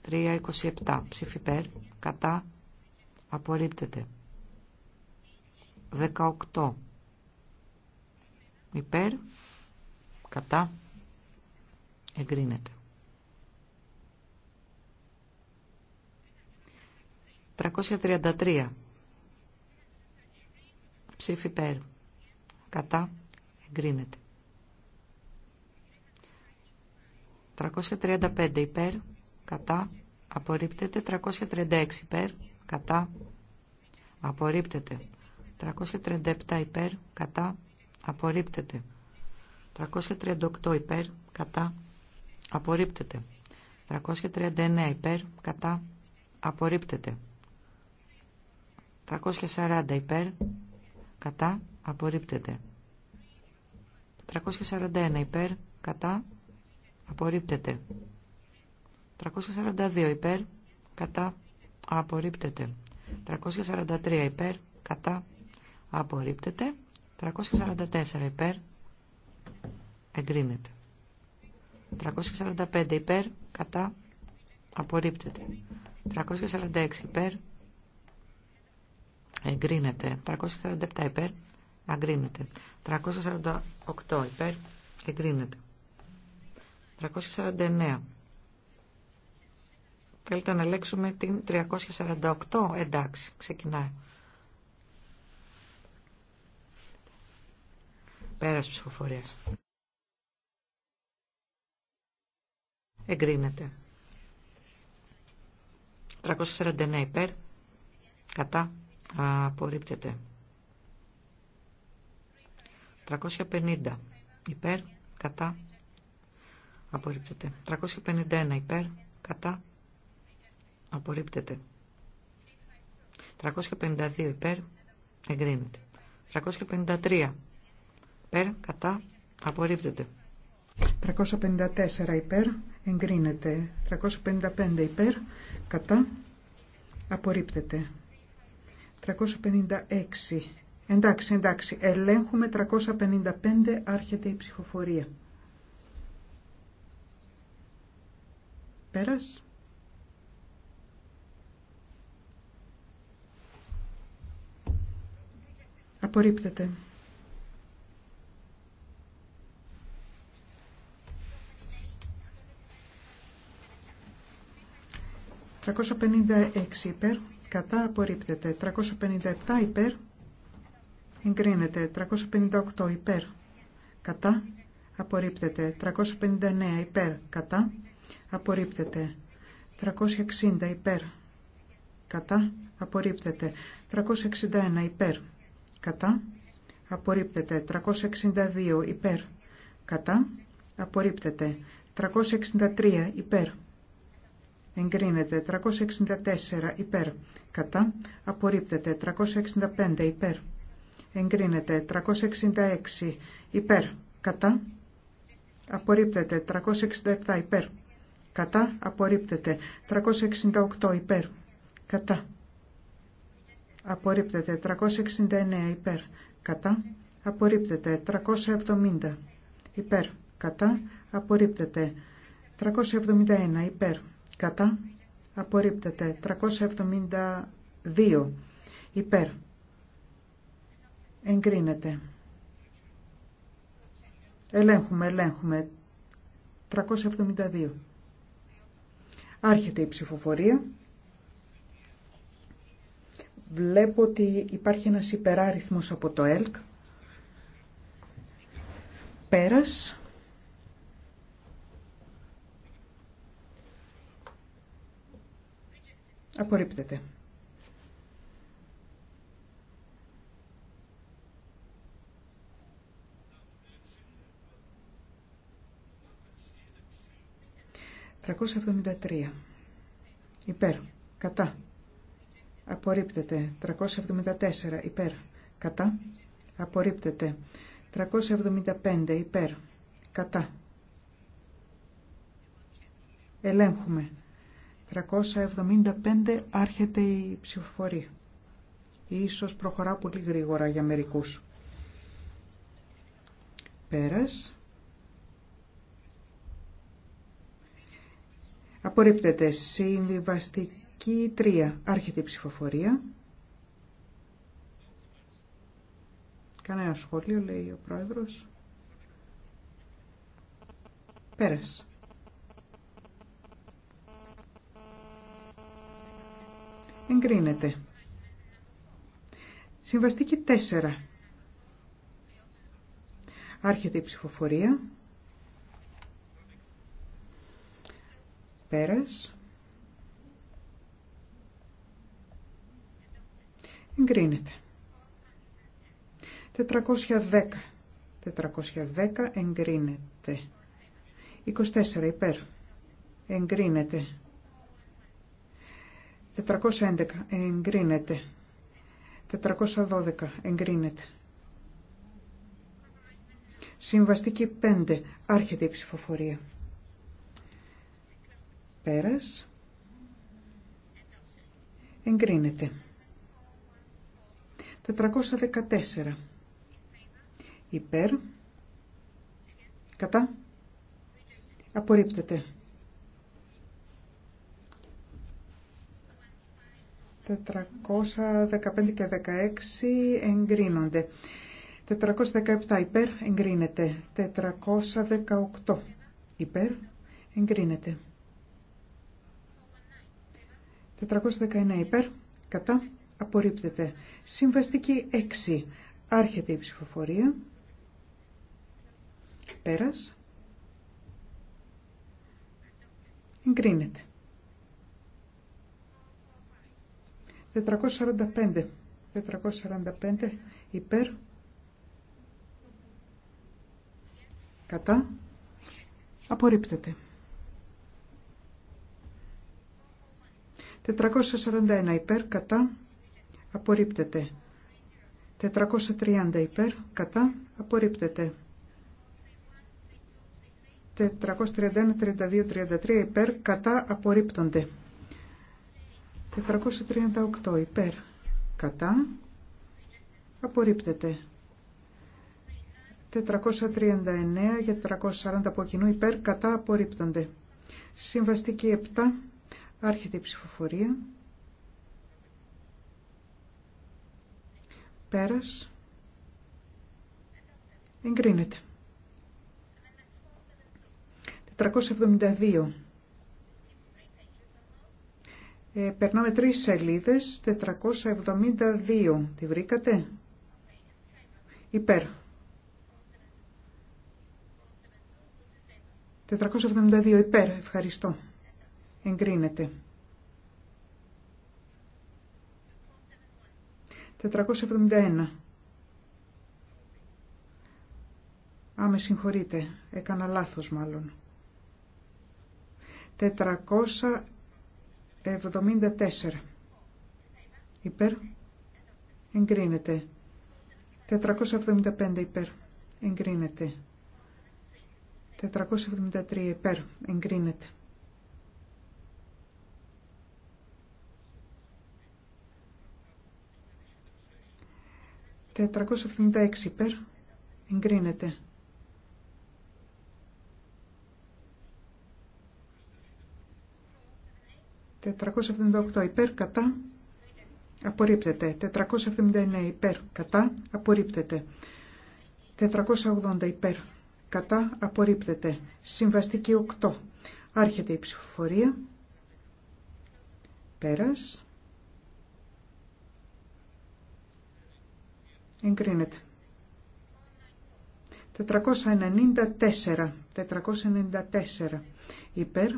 327 ψήφι υπέρ, κατά, απορρίπτεται. 18 υπέρ, κατά, εγκρίνεται. 333 ψήφι υπέρ, κατά εγκρίνεται. 335 υπέρ, κατά, απορρίπτεται. 336 υπέρ, κατά, απορρίπτεται. 337 υπέρ, κατά, απορρίπτεται. 338 υπέρ, κατά, απορρίπτεται. 339 υπέρ, κατά, απορρίπτεται. 340 υπέρ, κατά απορρίπτεται 341 υπέρ κατά απορρίπτεται 342 υπέρ κατά απορρίπτεται 343 υπέρ κατά απορρίπτεται 344 υπέρ εγκρίνεται 345 υπέρ κατά απορρίπτεται 346 υπέρ Εγκρίνεται. 347 υπέρ. Εγκρίνεται. 348 υπέρ. Εγκρίνεται. 349. Θέλετε να ελέξουμε την 348. Εντάξει, ξεκινάει. Πέρας ψηφοφορίας. Εγκρίνεται. 349 υπέρ. Κατά. Απορρίπτεται. 350 υπέρ, κατά. Απορρίπτεται. 351 υπέρ, κατά. Απορρίπτεται. 352 υπέρ, εγκρίνεται. 353 υπέρ, κατά. Απορρίπτεται. 354 υπέρ, εγκρίνεται. 355 υπέρ, κατά. Απορρίπτεται. 356. Εντάξει, εντάξει. Ελέγχουμε 355. Άρχεται η ψηφοφορία. Πέρας. Απορρίπτεται. 356 υπέρ κατά απορρίπτεται. 357 υπέρ εγκρίνεται. 358 υπέρ κατά απορρίπτεται. 359 υπέρ κατά απορρίπτεται. 360 υπέρ κατά απορρίπτεται. 361 υπέρ κατά απορρίπτεται. 362 υπέρ κατά απορρίπτεται. 363 υπέρ εγκρίνεται 364 υπέρ, κατά απορρίπτεται 365 υπέρ, εγκρίνεται 366 υπέρ, κατά απορρίπτεται 367 υπέρ, κατά απορρίπτεται 368 υπέρ, κατά απορρίπτεται 369 υπέρ, κατά απορρίπτεται 370 υπέρ, κατά απορρίπτεται 371 υπέρ κατά απορρίπτεται 372 υπέρ εγκρίνεται ελέγχουμε ελέγχουμε 372 άρχεται η ψηφοφορία βλέπω ότι υπάρχει ένας υπεράριθμος από το ΕΛΚ πέρας Απορρίπτεται. 373. Υπέρ. Κατά. Απορρίπτεται. 374 υπέρ. Κατά. Απορρίπτεται. 375 υπέρ. Κατά. Ελέγχουμε. 375 άρχεται η ψηφοφορία. Ίσως προχωρά πολύ γρήγορα για μερικούς. Πέρας. Απορρίπτεται συμβιβαστική 3. Άρχεται η ψηφοφορία. Κανένα σχόλιο λέει ο πρόεδρος. Πέρας. εγκρίνεται. Συμβαστική 4. Άρχεται η ψηφοφορία. Πέρας. Εγκρίνεται. 410. 410 εγκρίνεται. 24 υπέρ. Εγκρίνεται. 411 εγκρίνεται. 412 εγκρίνεται. Συμβαστική 5. Άρχεται η ψηφοφορία. Πέρας. Εγκρίνεται. 414. Υπέρ. Κατά. Απορρίπτεται. 415 και 16 εγκρίνονται. 417 υπέρ εγκρίνεται. 418 υπέρ εγκρίνεται. 419 υπέρ κατά απορρίπτεται. Συμβαστική 6 άρχεται η ψηφοφορία. Πέρας. Εγκρίνεται. 445. υπέρ. Κατά. Απορρίπτεται. 441 υπέρ. Κατά. Απορρίπτεται. 430 υπέρ. Κατά. Απορρίπτεται. 431, 32, 33 υπέρ. Κατά. Απορρίπτονται. 438 υπέρ κατά απορρίπτεται 439 για 440 από κοινού υπέρ κατά απορρίπτονται συμβαστική 7 άρχεται η ψηφοφορία πέρας εγκρίνεται 472 ε, περνάμε τρεις σελίδες, 472. Τη βρήκατε? Υπέρ. 472 υπέρ, ευχαριστώ. Εγκρίνεται. 471. άμε συγχωρείτε, έκανα λάθος μάλλον. 400 74. Υπέρ. Εγκρίνεται. 475 υπέρ. Εγκρίνεται. 473 υπέρ. Εγκρίνεται. 476 υπέρ. Εγκρίνεται. 478 υπέρ κατά απορρίπτεται. 479 υπέρ κατά απορρίπτεται. 480 υπέρ κατά απορρίπτεται. Συμβαστική 8. Άρχεται η ψηφοφορία. Πέρας. Εγκρίνεται. 494. 494 υπέρ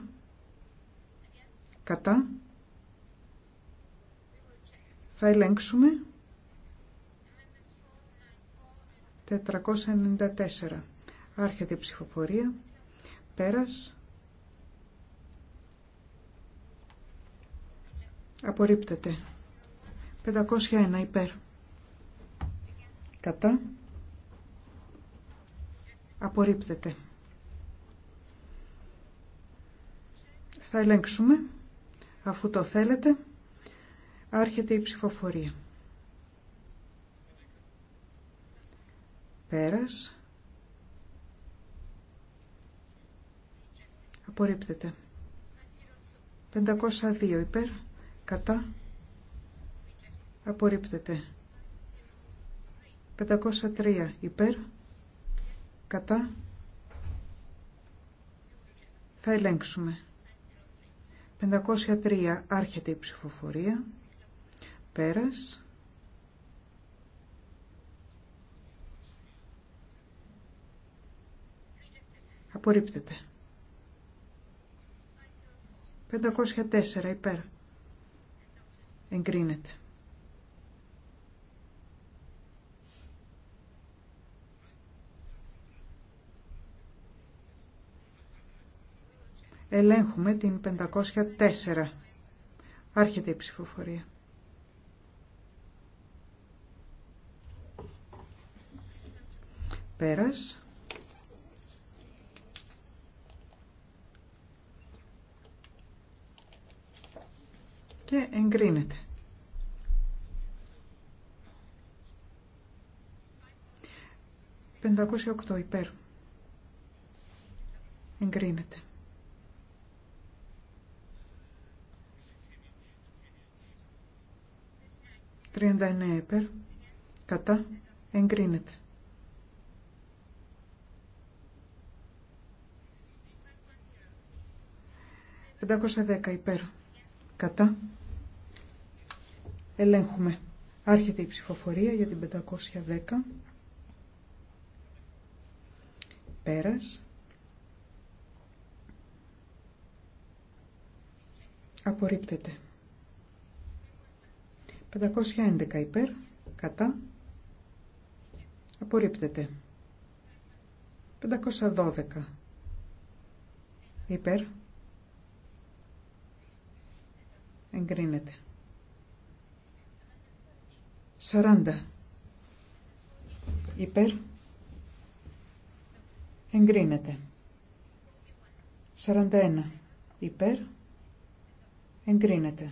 Κατά. Θα ελέγξουμε. 494. Άρχεται η ψηφοφορία. Πέρας. Απορρίπτεται. 501 υπέρ. Κατά. Απορρίπτεται. Θα ελέγξουμε. Αφού το θέλετε, άρχεται η ψηφοφορία. Πέρας. Απορρίπτεται. 502 υπέρ, κατά. Απορρίπτεται. 503 υπέρ, κατά. Θα ελέγξουμε. 503 άρχεται η ψηφοφορία. Πέρας. Απορρίπτεται. 504 υπέρ. Εγκρίνεται. Ελέγχουμε την 504. Άρχεται η ψηφοφορία. Πέρας. Και εγκρίνεται. 508 υπέρ. Εγκρίνεται. 39 υπέρ, κατά, εγκρίνεται. 510 υπέρ, κατά, ελέγχουμε. Άρχεται η ψηφοφορία για την 510. Πέρας. Απορρίπτεται. 511 υπέρ, κατά, απορρίπτεται. 512 υπέρ, εγκρίνεται. 40 υπέρ, εγκρίνεται. 41 υπέρ, εγκρίνεται.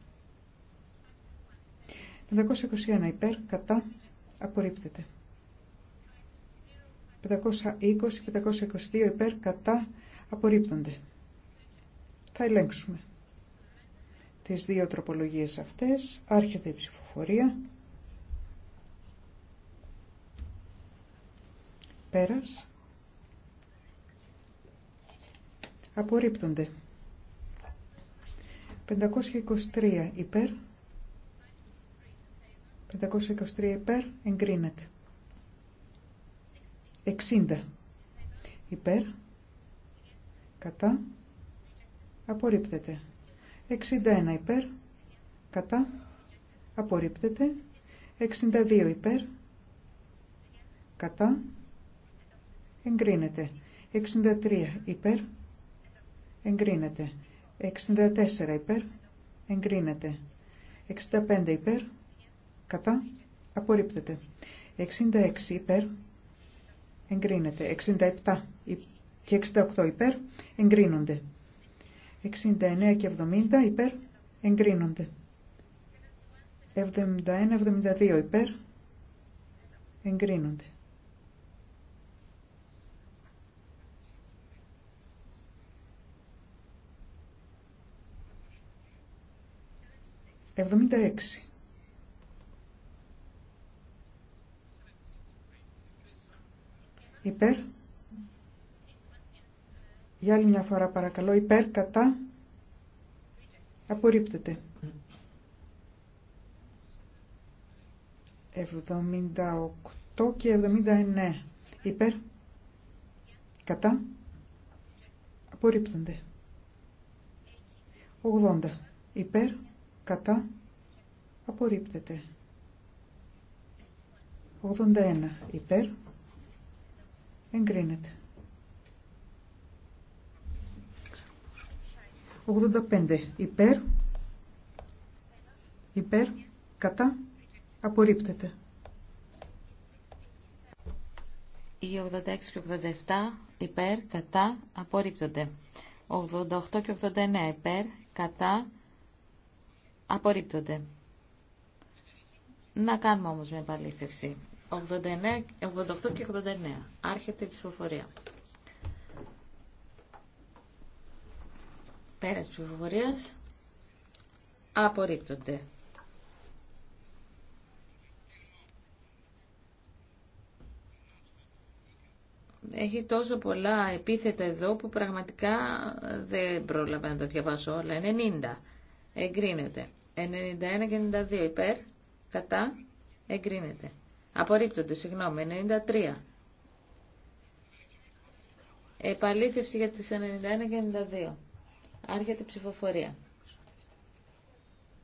521 υπέρ, κατά, απορρίπτεται. 520-522 υπέρ, κατά, απορρίπτονται. Θα ελέγξουμε τις δύο τροπολογίες αυτές. Άρχεται η ψηφοφορία. Πέρας. Απορρίπτονται. 523 υπέρ, 523 υπέρ εγκρίνεται. 60 υπέρ κατά απορρίπτεται. 61 υπέρ κατά απορρίπτεται. 62 υπέρ κατά εγκρίνεται. 63 υπέρ εγκρίνεται. 64 υπέρ εγκρίνεται. 65 υπέρ κατά, απορρίπτεται. 66 υπέρ, εγκρίνεται. 67 και 68 υπέρ, εγκρίνονται. 69 και 70 υπέρ, εγκρίνονται. 71-72 υπέρ, εγκρίνονται. 76 υπέρ. Για άλλη μια φορά παρακαλώ, υπέρ, κατά, απορρίπτεται. 78 και 79 υπέρ, κατά, απορρίπτονται. 80 υπέρ, κατά, απορρίπτεται. 81 υπέρ, Εγκρίνεται. 85 υπέρ. Υπέρ. Κατά. Απορρίπτεται. Οι 86 και 87 υπέρ. Κατά. Απορρίπτονται. 88 και 89 υπέρ. Κατά. Απορρίπτονται. Να κάνουμε όμως μια επαλήθευση. 88 και 89. Άρχεται η ψηφοφορία. τη ψηφοφορία. απορρίπτονται. Έχει τόσο πολλά επίθετα εδώ που πραγματικά δεν πρόλαβα να τα διαβάσω όλα. 90. Εγκρίνεται. 91 και 92 υπέρ. Κατά. Εγκρίνεται. Απορρίπτονται, συγγνώμη, 93. Επαλήθευση για τις 91 και 92. Άρχεται ψηφοφορία.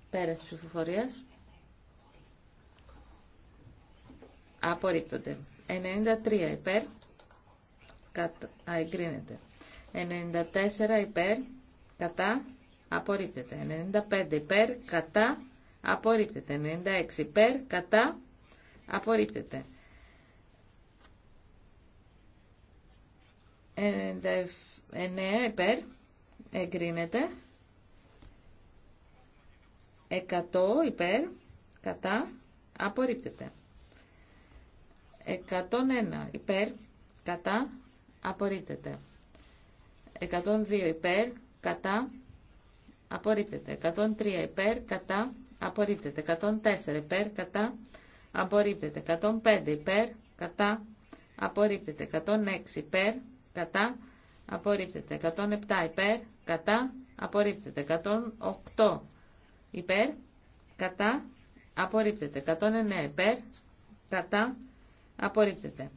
Πέρας ψηφοφορίας. Απορρίπτονται. 93 υπέρ. Κατα... 94 υπέρ. Κατά. Απορρίπτεται. 95 υπέρ. Κατά. Απορρίπτεται. 96 υπέρ. Κατά. Απορρίπτεται. 99 υπέρ. Εγκρίνεται. 100 υπέρ. Κατά. Απορρίπτεται. 101 υπέρ. Κατά. Απορρίπτεται. 102 υπέρ. Κατά. Απορρίπτεται. 103 υπέρ. Κατά. Απορρίπτεται. 104 υπέρ. Κατά απορρίπτεται. 105 υπέρ, κατά, απορρίπτεται. 106 υπέρ, κατά, απορρίπτεται. 107 υπέρ, κατά, απορρίπτεται. 108 υπέρ, κατά, απορρίπτεται. 109 υπέρ, κατά, απορρίπτεται.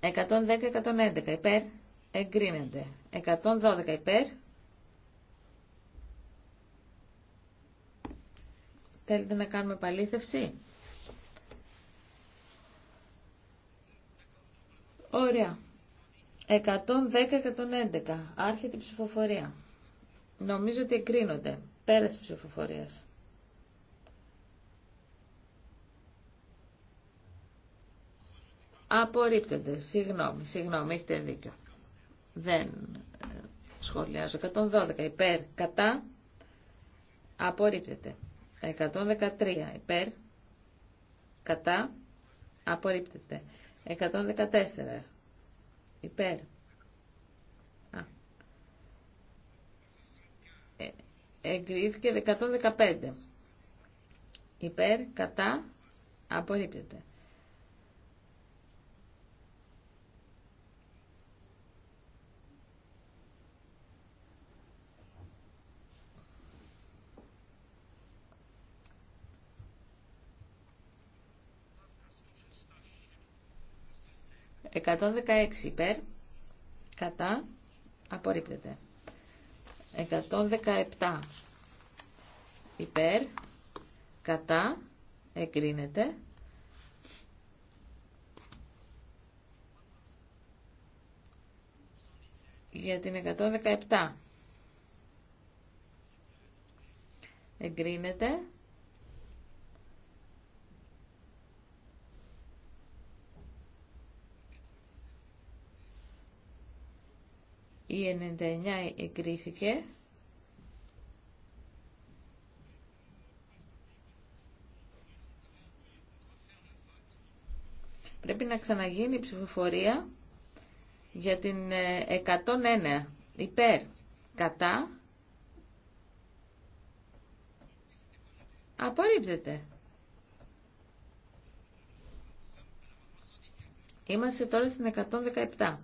110-111 υπέρ, εγκρίνεται. 112 υπέρ, Θέλετε να κάνουμε επαλήθευση. Ωραία. 110-111. Άρχεται η ψηφοφορία. Νομίζω ότι εκρίνονται. Πέρασε ψηφοφορία. Απορρίπτεται. Συγγνώμη, συγγνώμη, έχετε δίκιο. Δεν ε, σχολιάζω. 112 υπέρ, κατά. Απορρίπτεται. 113 υπέρ, κατά. Απορρίπτεται. 114. Υπέρ. Α. Ε, εγκρίθηκε 115. Υπέρ, κατά, απορρίπτεται. 116 υπέρ, κατά, απορρίπτεται. 117 υπέρ, κατά, εγκρίνεται. για την 117 εγκρίνεται. Η 99 εγκρίθηκε. Πρέπει να ξαναγίνει η ψηφοφορία για την 101. Ε, Υπέρ. Κατά. Απορρίπτεται. Είμαστε τώρα στην 117.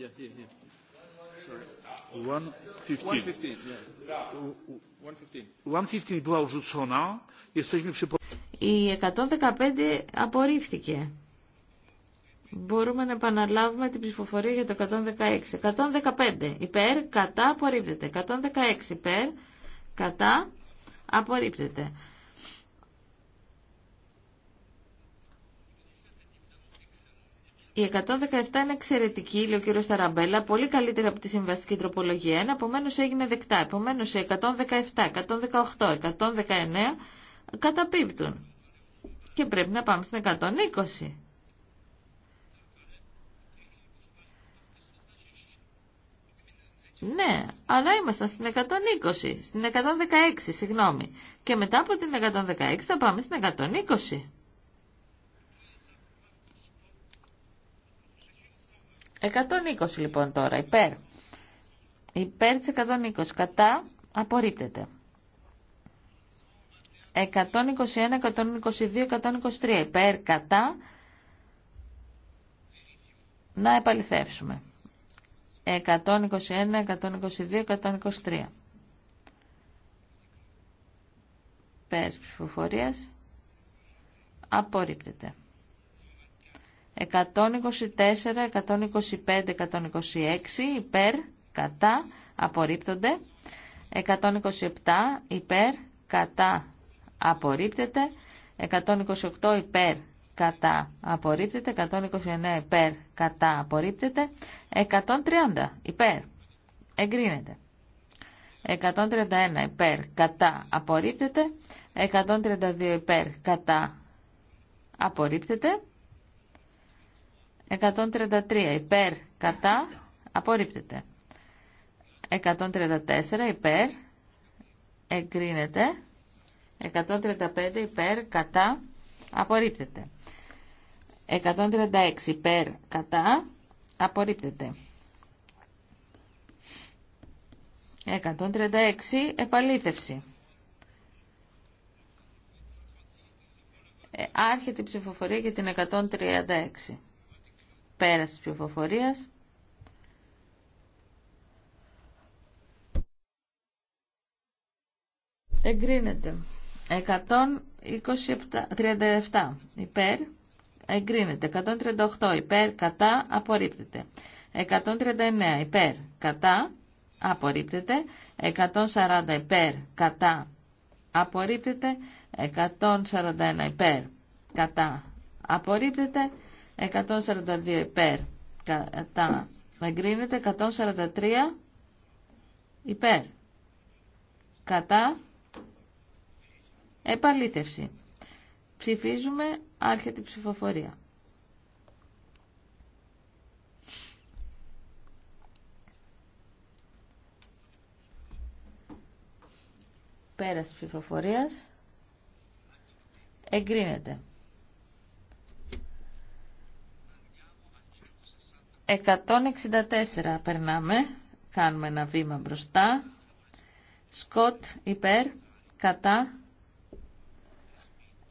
yeah, here, Sorry. 115. 115. 115 była odrzucona. Jesteśmy przy... Η 115 απορρίφθηκε. Μπορούμε να επαναλάβουμε την ψηφοφορία για το 116. 115 υπέρ, κατά, απορρίπτεται. 116 υπέρ, κατά, απορρίπτεται. Η 117 είναι εξαιρετική, λέει ο κύριο Ταραμπέλα, πολύ καλύτερη από τη συμβαστική τροπολογία 1, επομένω έγινε δεκτά. Επομένω η 117, 118, 119 καταπίπτουν. Και πρέπει να πάμε στην 120. Ναι, αλλά ήμασταν στην 120, στην 116, συγγνώμη. Και μετά από την 116 θα πάμε στην 120. 120 λοιπόν τώρα, υπέρ. Υπέρ της 120, κατά απορρίπτεται. 121, 122, 123, υπέρ, κατά, να επαληθεύσουμε. 121, 122, 123. Πέρας ψηφοφορίας απορρίπτεται. 124, 125, 126 υπέρ, κατά, απορρίπτονται. 127 υπέρ, κατά, απορρίπτεται. 128 υπέρ, κατά, απορρίπτεται. 129 υπέρ, κατά, απορρίπτεται. 130 υπέρ, εγκρίνεται. 131 υπέρ, κατά, απορρίπτεται. 132 υπέρ, κατά, απορρίπτεται. 133 υπέρ κατά απορρίπτεται. 134 υπέρ εγκρίνεται. 135 υπέρ κατά απορρίπτεται. 136 υπέρ κατά απορρίπτεται. 136 επαλήθευση. Ε, άρχεται η ψηφοφορία για την 136. Πέραση της ψηφοφορίας. Εγκρίνεται. 137 υπέρ. Εγκρίνεται. 138 υπέρ. Κατά. Απορρίπτεται. 139 υπέρ. Κατά. Απορρίπτεται. 140 υπέρ. Κατά. Απορρίπτεται. 141 υπέρ. Κατά. Απορρίπτεται. 142 υπέρ κατά εγκρίνεται 143 υπέρ κατά επαλήθευση ψηφίζουμε άρχεται η ψηφοφορία πέρας ψηφοφορίας εγκρίνεται 164 περνάμε. Κάνουμε ένα βήμα μπροστά. Σκοτ υπέρ, κατά,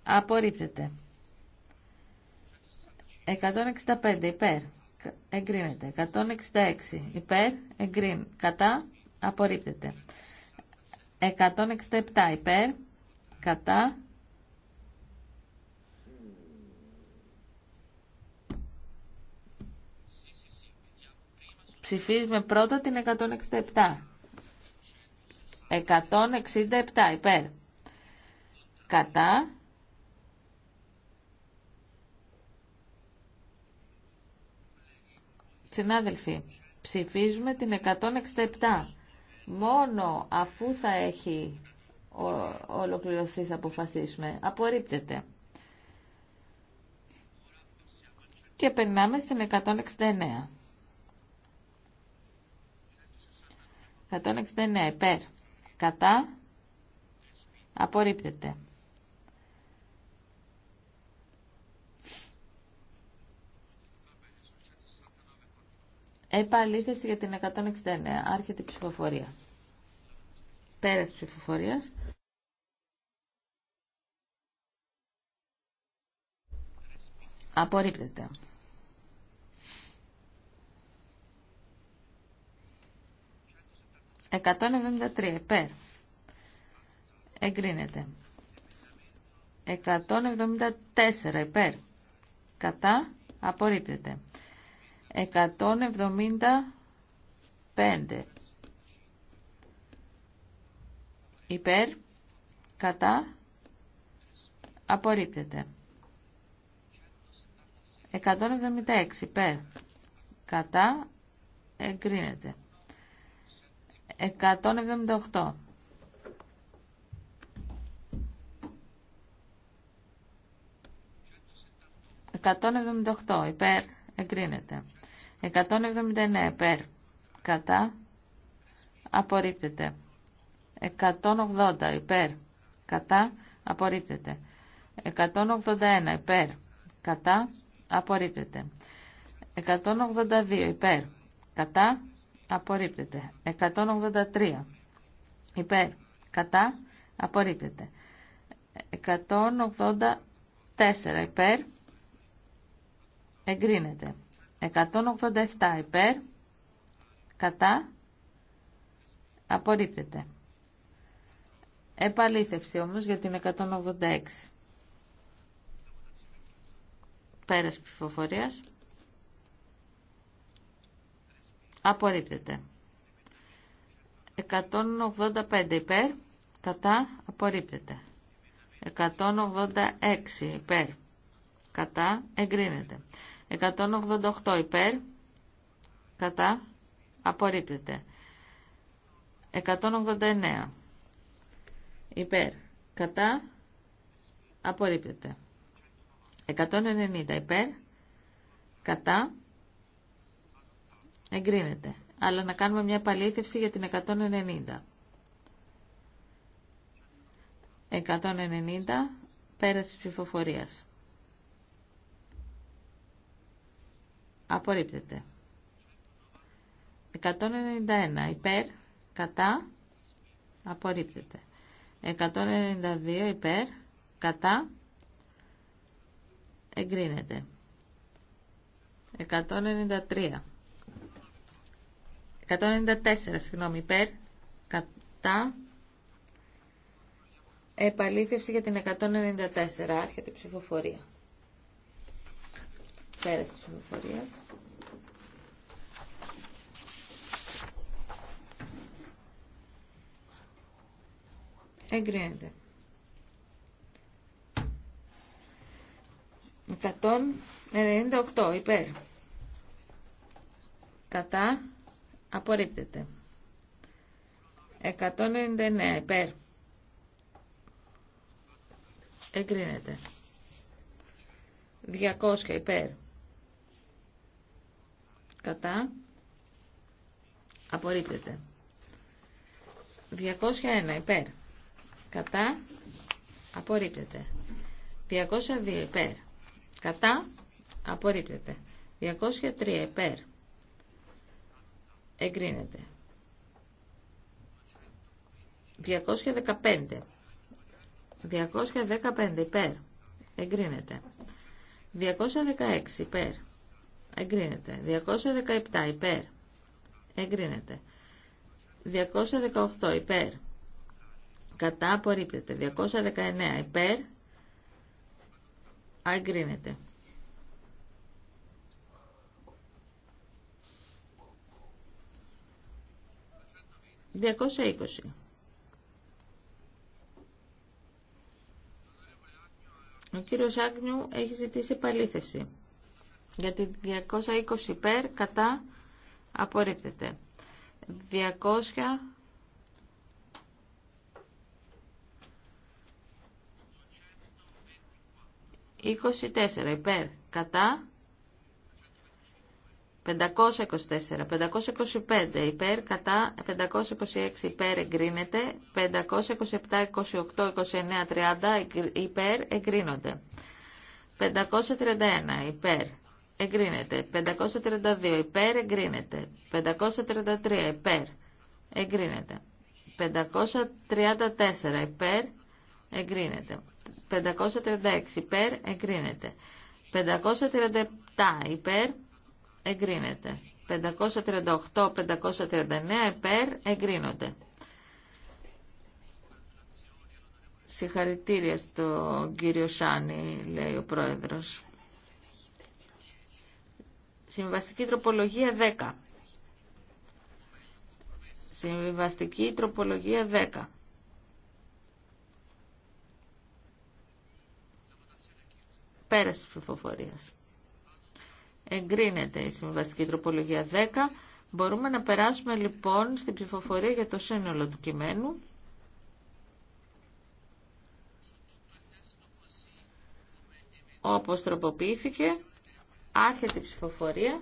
απορρίπτεται. 165 υπέρ, εγκρίνεται. 166 υπέρ, εγκρίν, κατά, απορρίπτεται. 167 υπέρ, κατά, Ψηφίζουμε πρώτα την 167. 167 υπέρ. Κατά. Συνάδελφοι, ψηφίζουμε την 167. Μόνο αφού θα έχει ολοκληρωθεί θα αποφασίσουμε. Απορρίπτεται. Και περνάμε στην 169. 169 υπέρ. Κατά. Απορρίπτεται. Επαλήθευση για την 169. Άρχεται η ψηφοφορία. Πέρας ψηφοφορίας. Απορρίπτεται. 173 υπέρ. Εγκρίνεται. 174 υπέρ. Κατά. Απορρίπτεται. 175 υπέρ. Κατά. Απορρίπτεται. 176 υπέρ. Κατά. Εγκρίνεται. 178. 178, υπέρ, εγκρίνεται. 179 υπέρ, κατά, απορρίπτεται. 180 υπέρ, κατά, απορρίπτεται. 181 υπέρ, κατά, απορρίπτεται. 182 υπέρ, κατά, απορρίπτεται. 183 υπέρ, κατά, απορρίπτεται. 184 υπέρ, εγκρίνεται. 187 υπέρ, κατά, απορρίπτεται. Επαλήθευση όμως για την 186. Πέρας ψηφοφορίας. Απορρίπτεται. 185 υπέρ. Κατά. Απορρίπτεται. 186 υπέρ. Κατά. Εγκρίνεται. 188 υπέρ. Κατά. Απορρίπτεται. 189 υπέρ. Κατά. Απορρίπτεται. 190 υπέρ. Κατά. Εγκρίνεται. Αλλά να κάνουμε μια επαλήθευση για την 190. 190 πέραση ψηφοφορίας. Απορρίπτεται. 191 υπέρ, κατά, απορρίπτεται. 192 υπέρ, κατά, εγκρίνεται. 193 194, συγγνώμη, υπέρ, κατά, επαλήθευση για την 194, άρχεται η ψηφοφορία. Πέραση της ψηφοφορίας. Εγκρίνεται. 198 υπέρ. Κατά Απορρίπτεται. 199 υπέρ. Εγκρίνεται. 200 υπέρ. Κατά. Απορρίπτεται. 201 υπέρ. Κατά. Απορρίπτεται. 202 υπέρ. Κατά. Απορρίπτεται. 203 υπέρ εγκρίνεται. 215. 215 υπέρ. Εγκρίνεται. 216 υπέρ. Εγκρίνεται. 217 υπέρ. Εγκρίνεται. 218 υπέρ. Κατά απορρίπτεται. 219 υπέρ. Εγκρίνεται. 220. Ο κύριος Άγνιου έχει ζητήσει επαλήθευση. Γιατί 220 υπέρ κατά απορρίπτεται. 200 24 υπέρ κατά 524, 525 υπέρ, κατά 526 υπέρ εγκρίνεται, 527, 28, 29, 30 υπέρ εγκρίνονται. 531 υπέρ εγκρίνεται, 532 υπέρ εγκρίνεται, 533 υπέρ εγκρίνεται, 534 υπέρ εγκρίνεται, 536 υπέρ εγκρίνεται, 537 υπέρ εγκρίνεται. 538-539 υπέρ εγκρίνονται. Συγχαρητήρια στον κύριο Σάνι, λέει ο πρόεδρος. Συμβαστική τροπολογία 10. Συμβιβαστική τροπολογία 10. Πέραση τη πληροφορία. Εγκρίνεται η συμβαστική τροπολογία 10. Μπορούμε να περάσουμε λοιπόν στην ψηφοφορία για το σύνολο του κειμένου. Όπως τροποποιήθηκε, άρχεται η ψηφοφορία.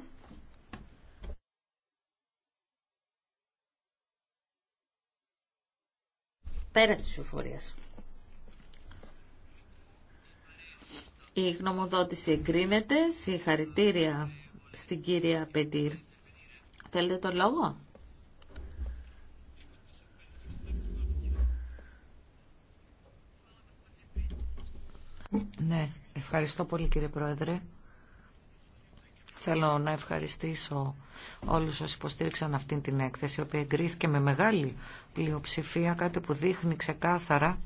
Πέρασε ψηφοφορίας. ψηφοφορία. Η γνωμοδότηση εγκρίνεται. Συγχαρητήρια στην κυρία Πετήρ. Θέλετε τον λόγο? Ναι, ευχαριστώ πολύ κύριε Πρόεδρε. Θέλω να ευχαριστήσω όλους όσοι υποστήριξαν αυτήν την έκθεση, η οποία εγκρίθηκε με μεγάλη πλειοψηφία, κάτι που δείχνει ξεκάθαρα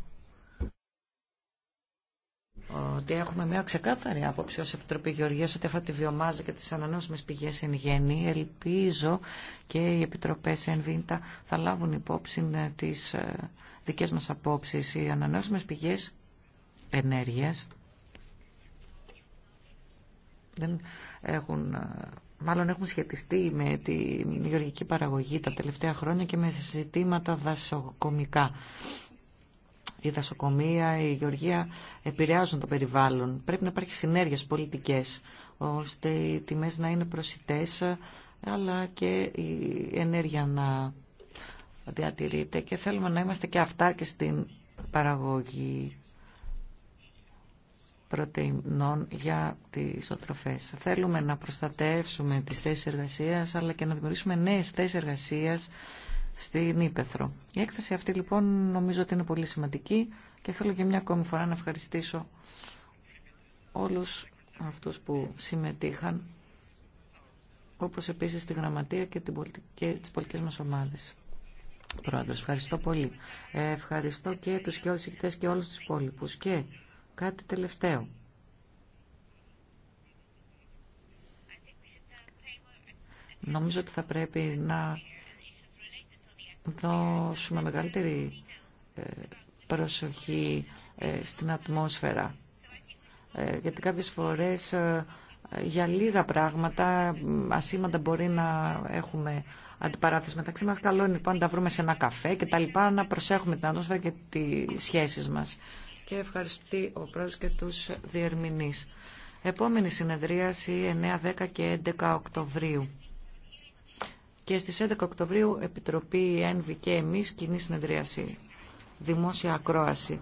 ότι έχουμε μια ξεκάθαρη άποψη ως Επιτροπή Γεωργίας ότι αφορά τη βιομάζα και τις ανανεώσιμες πηγές εν γέννη. Ελπίζω και οι Επιτροπές ΕΝΒΙΝΤΑ θα λάβουν υπόψη ε, τις ε, δικές μας απόψεις. Οι ανανεώσιμες πηγές ενέργειας δεν έχουν ε, μάλλον έχουν σχετιστεί με τη γεωργική παραγωγή τα τελευταία χρόνια και με συζητήματα δασοκομικά η δασοκομεία, η γεωργία επηρεάζουν το περιβάλλον. Πρέπει να υπάρχει συνέργειες πολιτικές, ώστε οι τιμές να είναι προσιτές, αλλά και η ενέργεια να διατηρείται. Και θέλουμε να είμαστε και αυτά και στην παραγωγή πρωτεϊνών για τις οτροφές. Θέλουμε να προστατεύσουμε τις θέσεις εργασίας, αλλά και να δημιουργήσουμε νέες θέσεις εργασίας, στην Ήπεθρο. Η έκθεση αυτή λοιπόν νομίζω ότι είναι πολύ σημαντική και θέλω για μια ακόμη φορά να ευχαριστήσω όλους αυτούς που συμμετείχαν όπως επίσης τη Γραμματεία και, τις πολιτικές μας ομάδες. Πρόεδρος, ευχαριστώ πολύ. Ε, ευχαριστώ και τους και και όλους τους υπόλοιπους. Και κάτι τελευταίο. Νομίζω ότι θα πρέπει να δώσουμε μεγαλύτερη ε, προσοχή ε, στην ατμόσφαιρα. Ε, γιατί κάποιες φορές για λίγα πράγματα ασήμαντα μπορεί να έχουμε αντιπαράθεση μεταξύ μας. Καλό είναι λοιπόν να τα βρούμε σε ένα καφέ και τα λοιπά, να προσέχουμε την ατμόσφαιρα και τις σχέσεις μας. Και ευχαριστεί ο πρόεδρος και τους διερμηνείς. Επόμενη συνεδρίαση 9, 10 και 11 Οκτωβρίου και στις 11 Οκτωβρίου Επιτροπή ΕΝΒ και εμείς κοινή συνεδρίαση, δημόσια ακρόαση.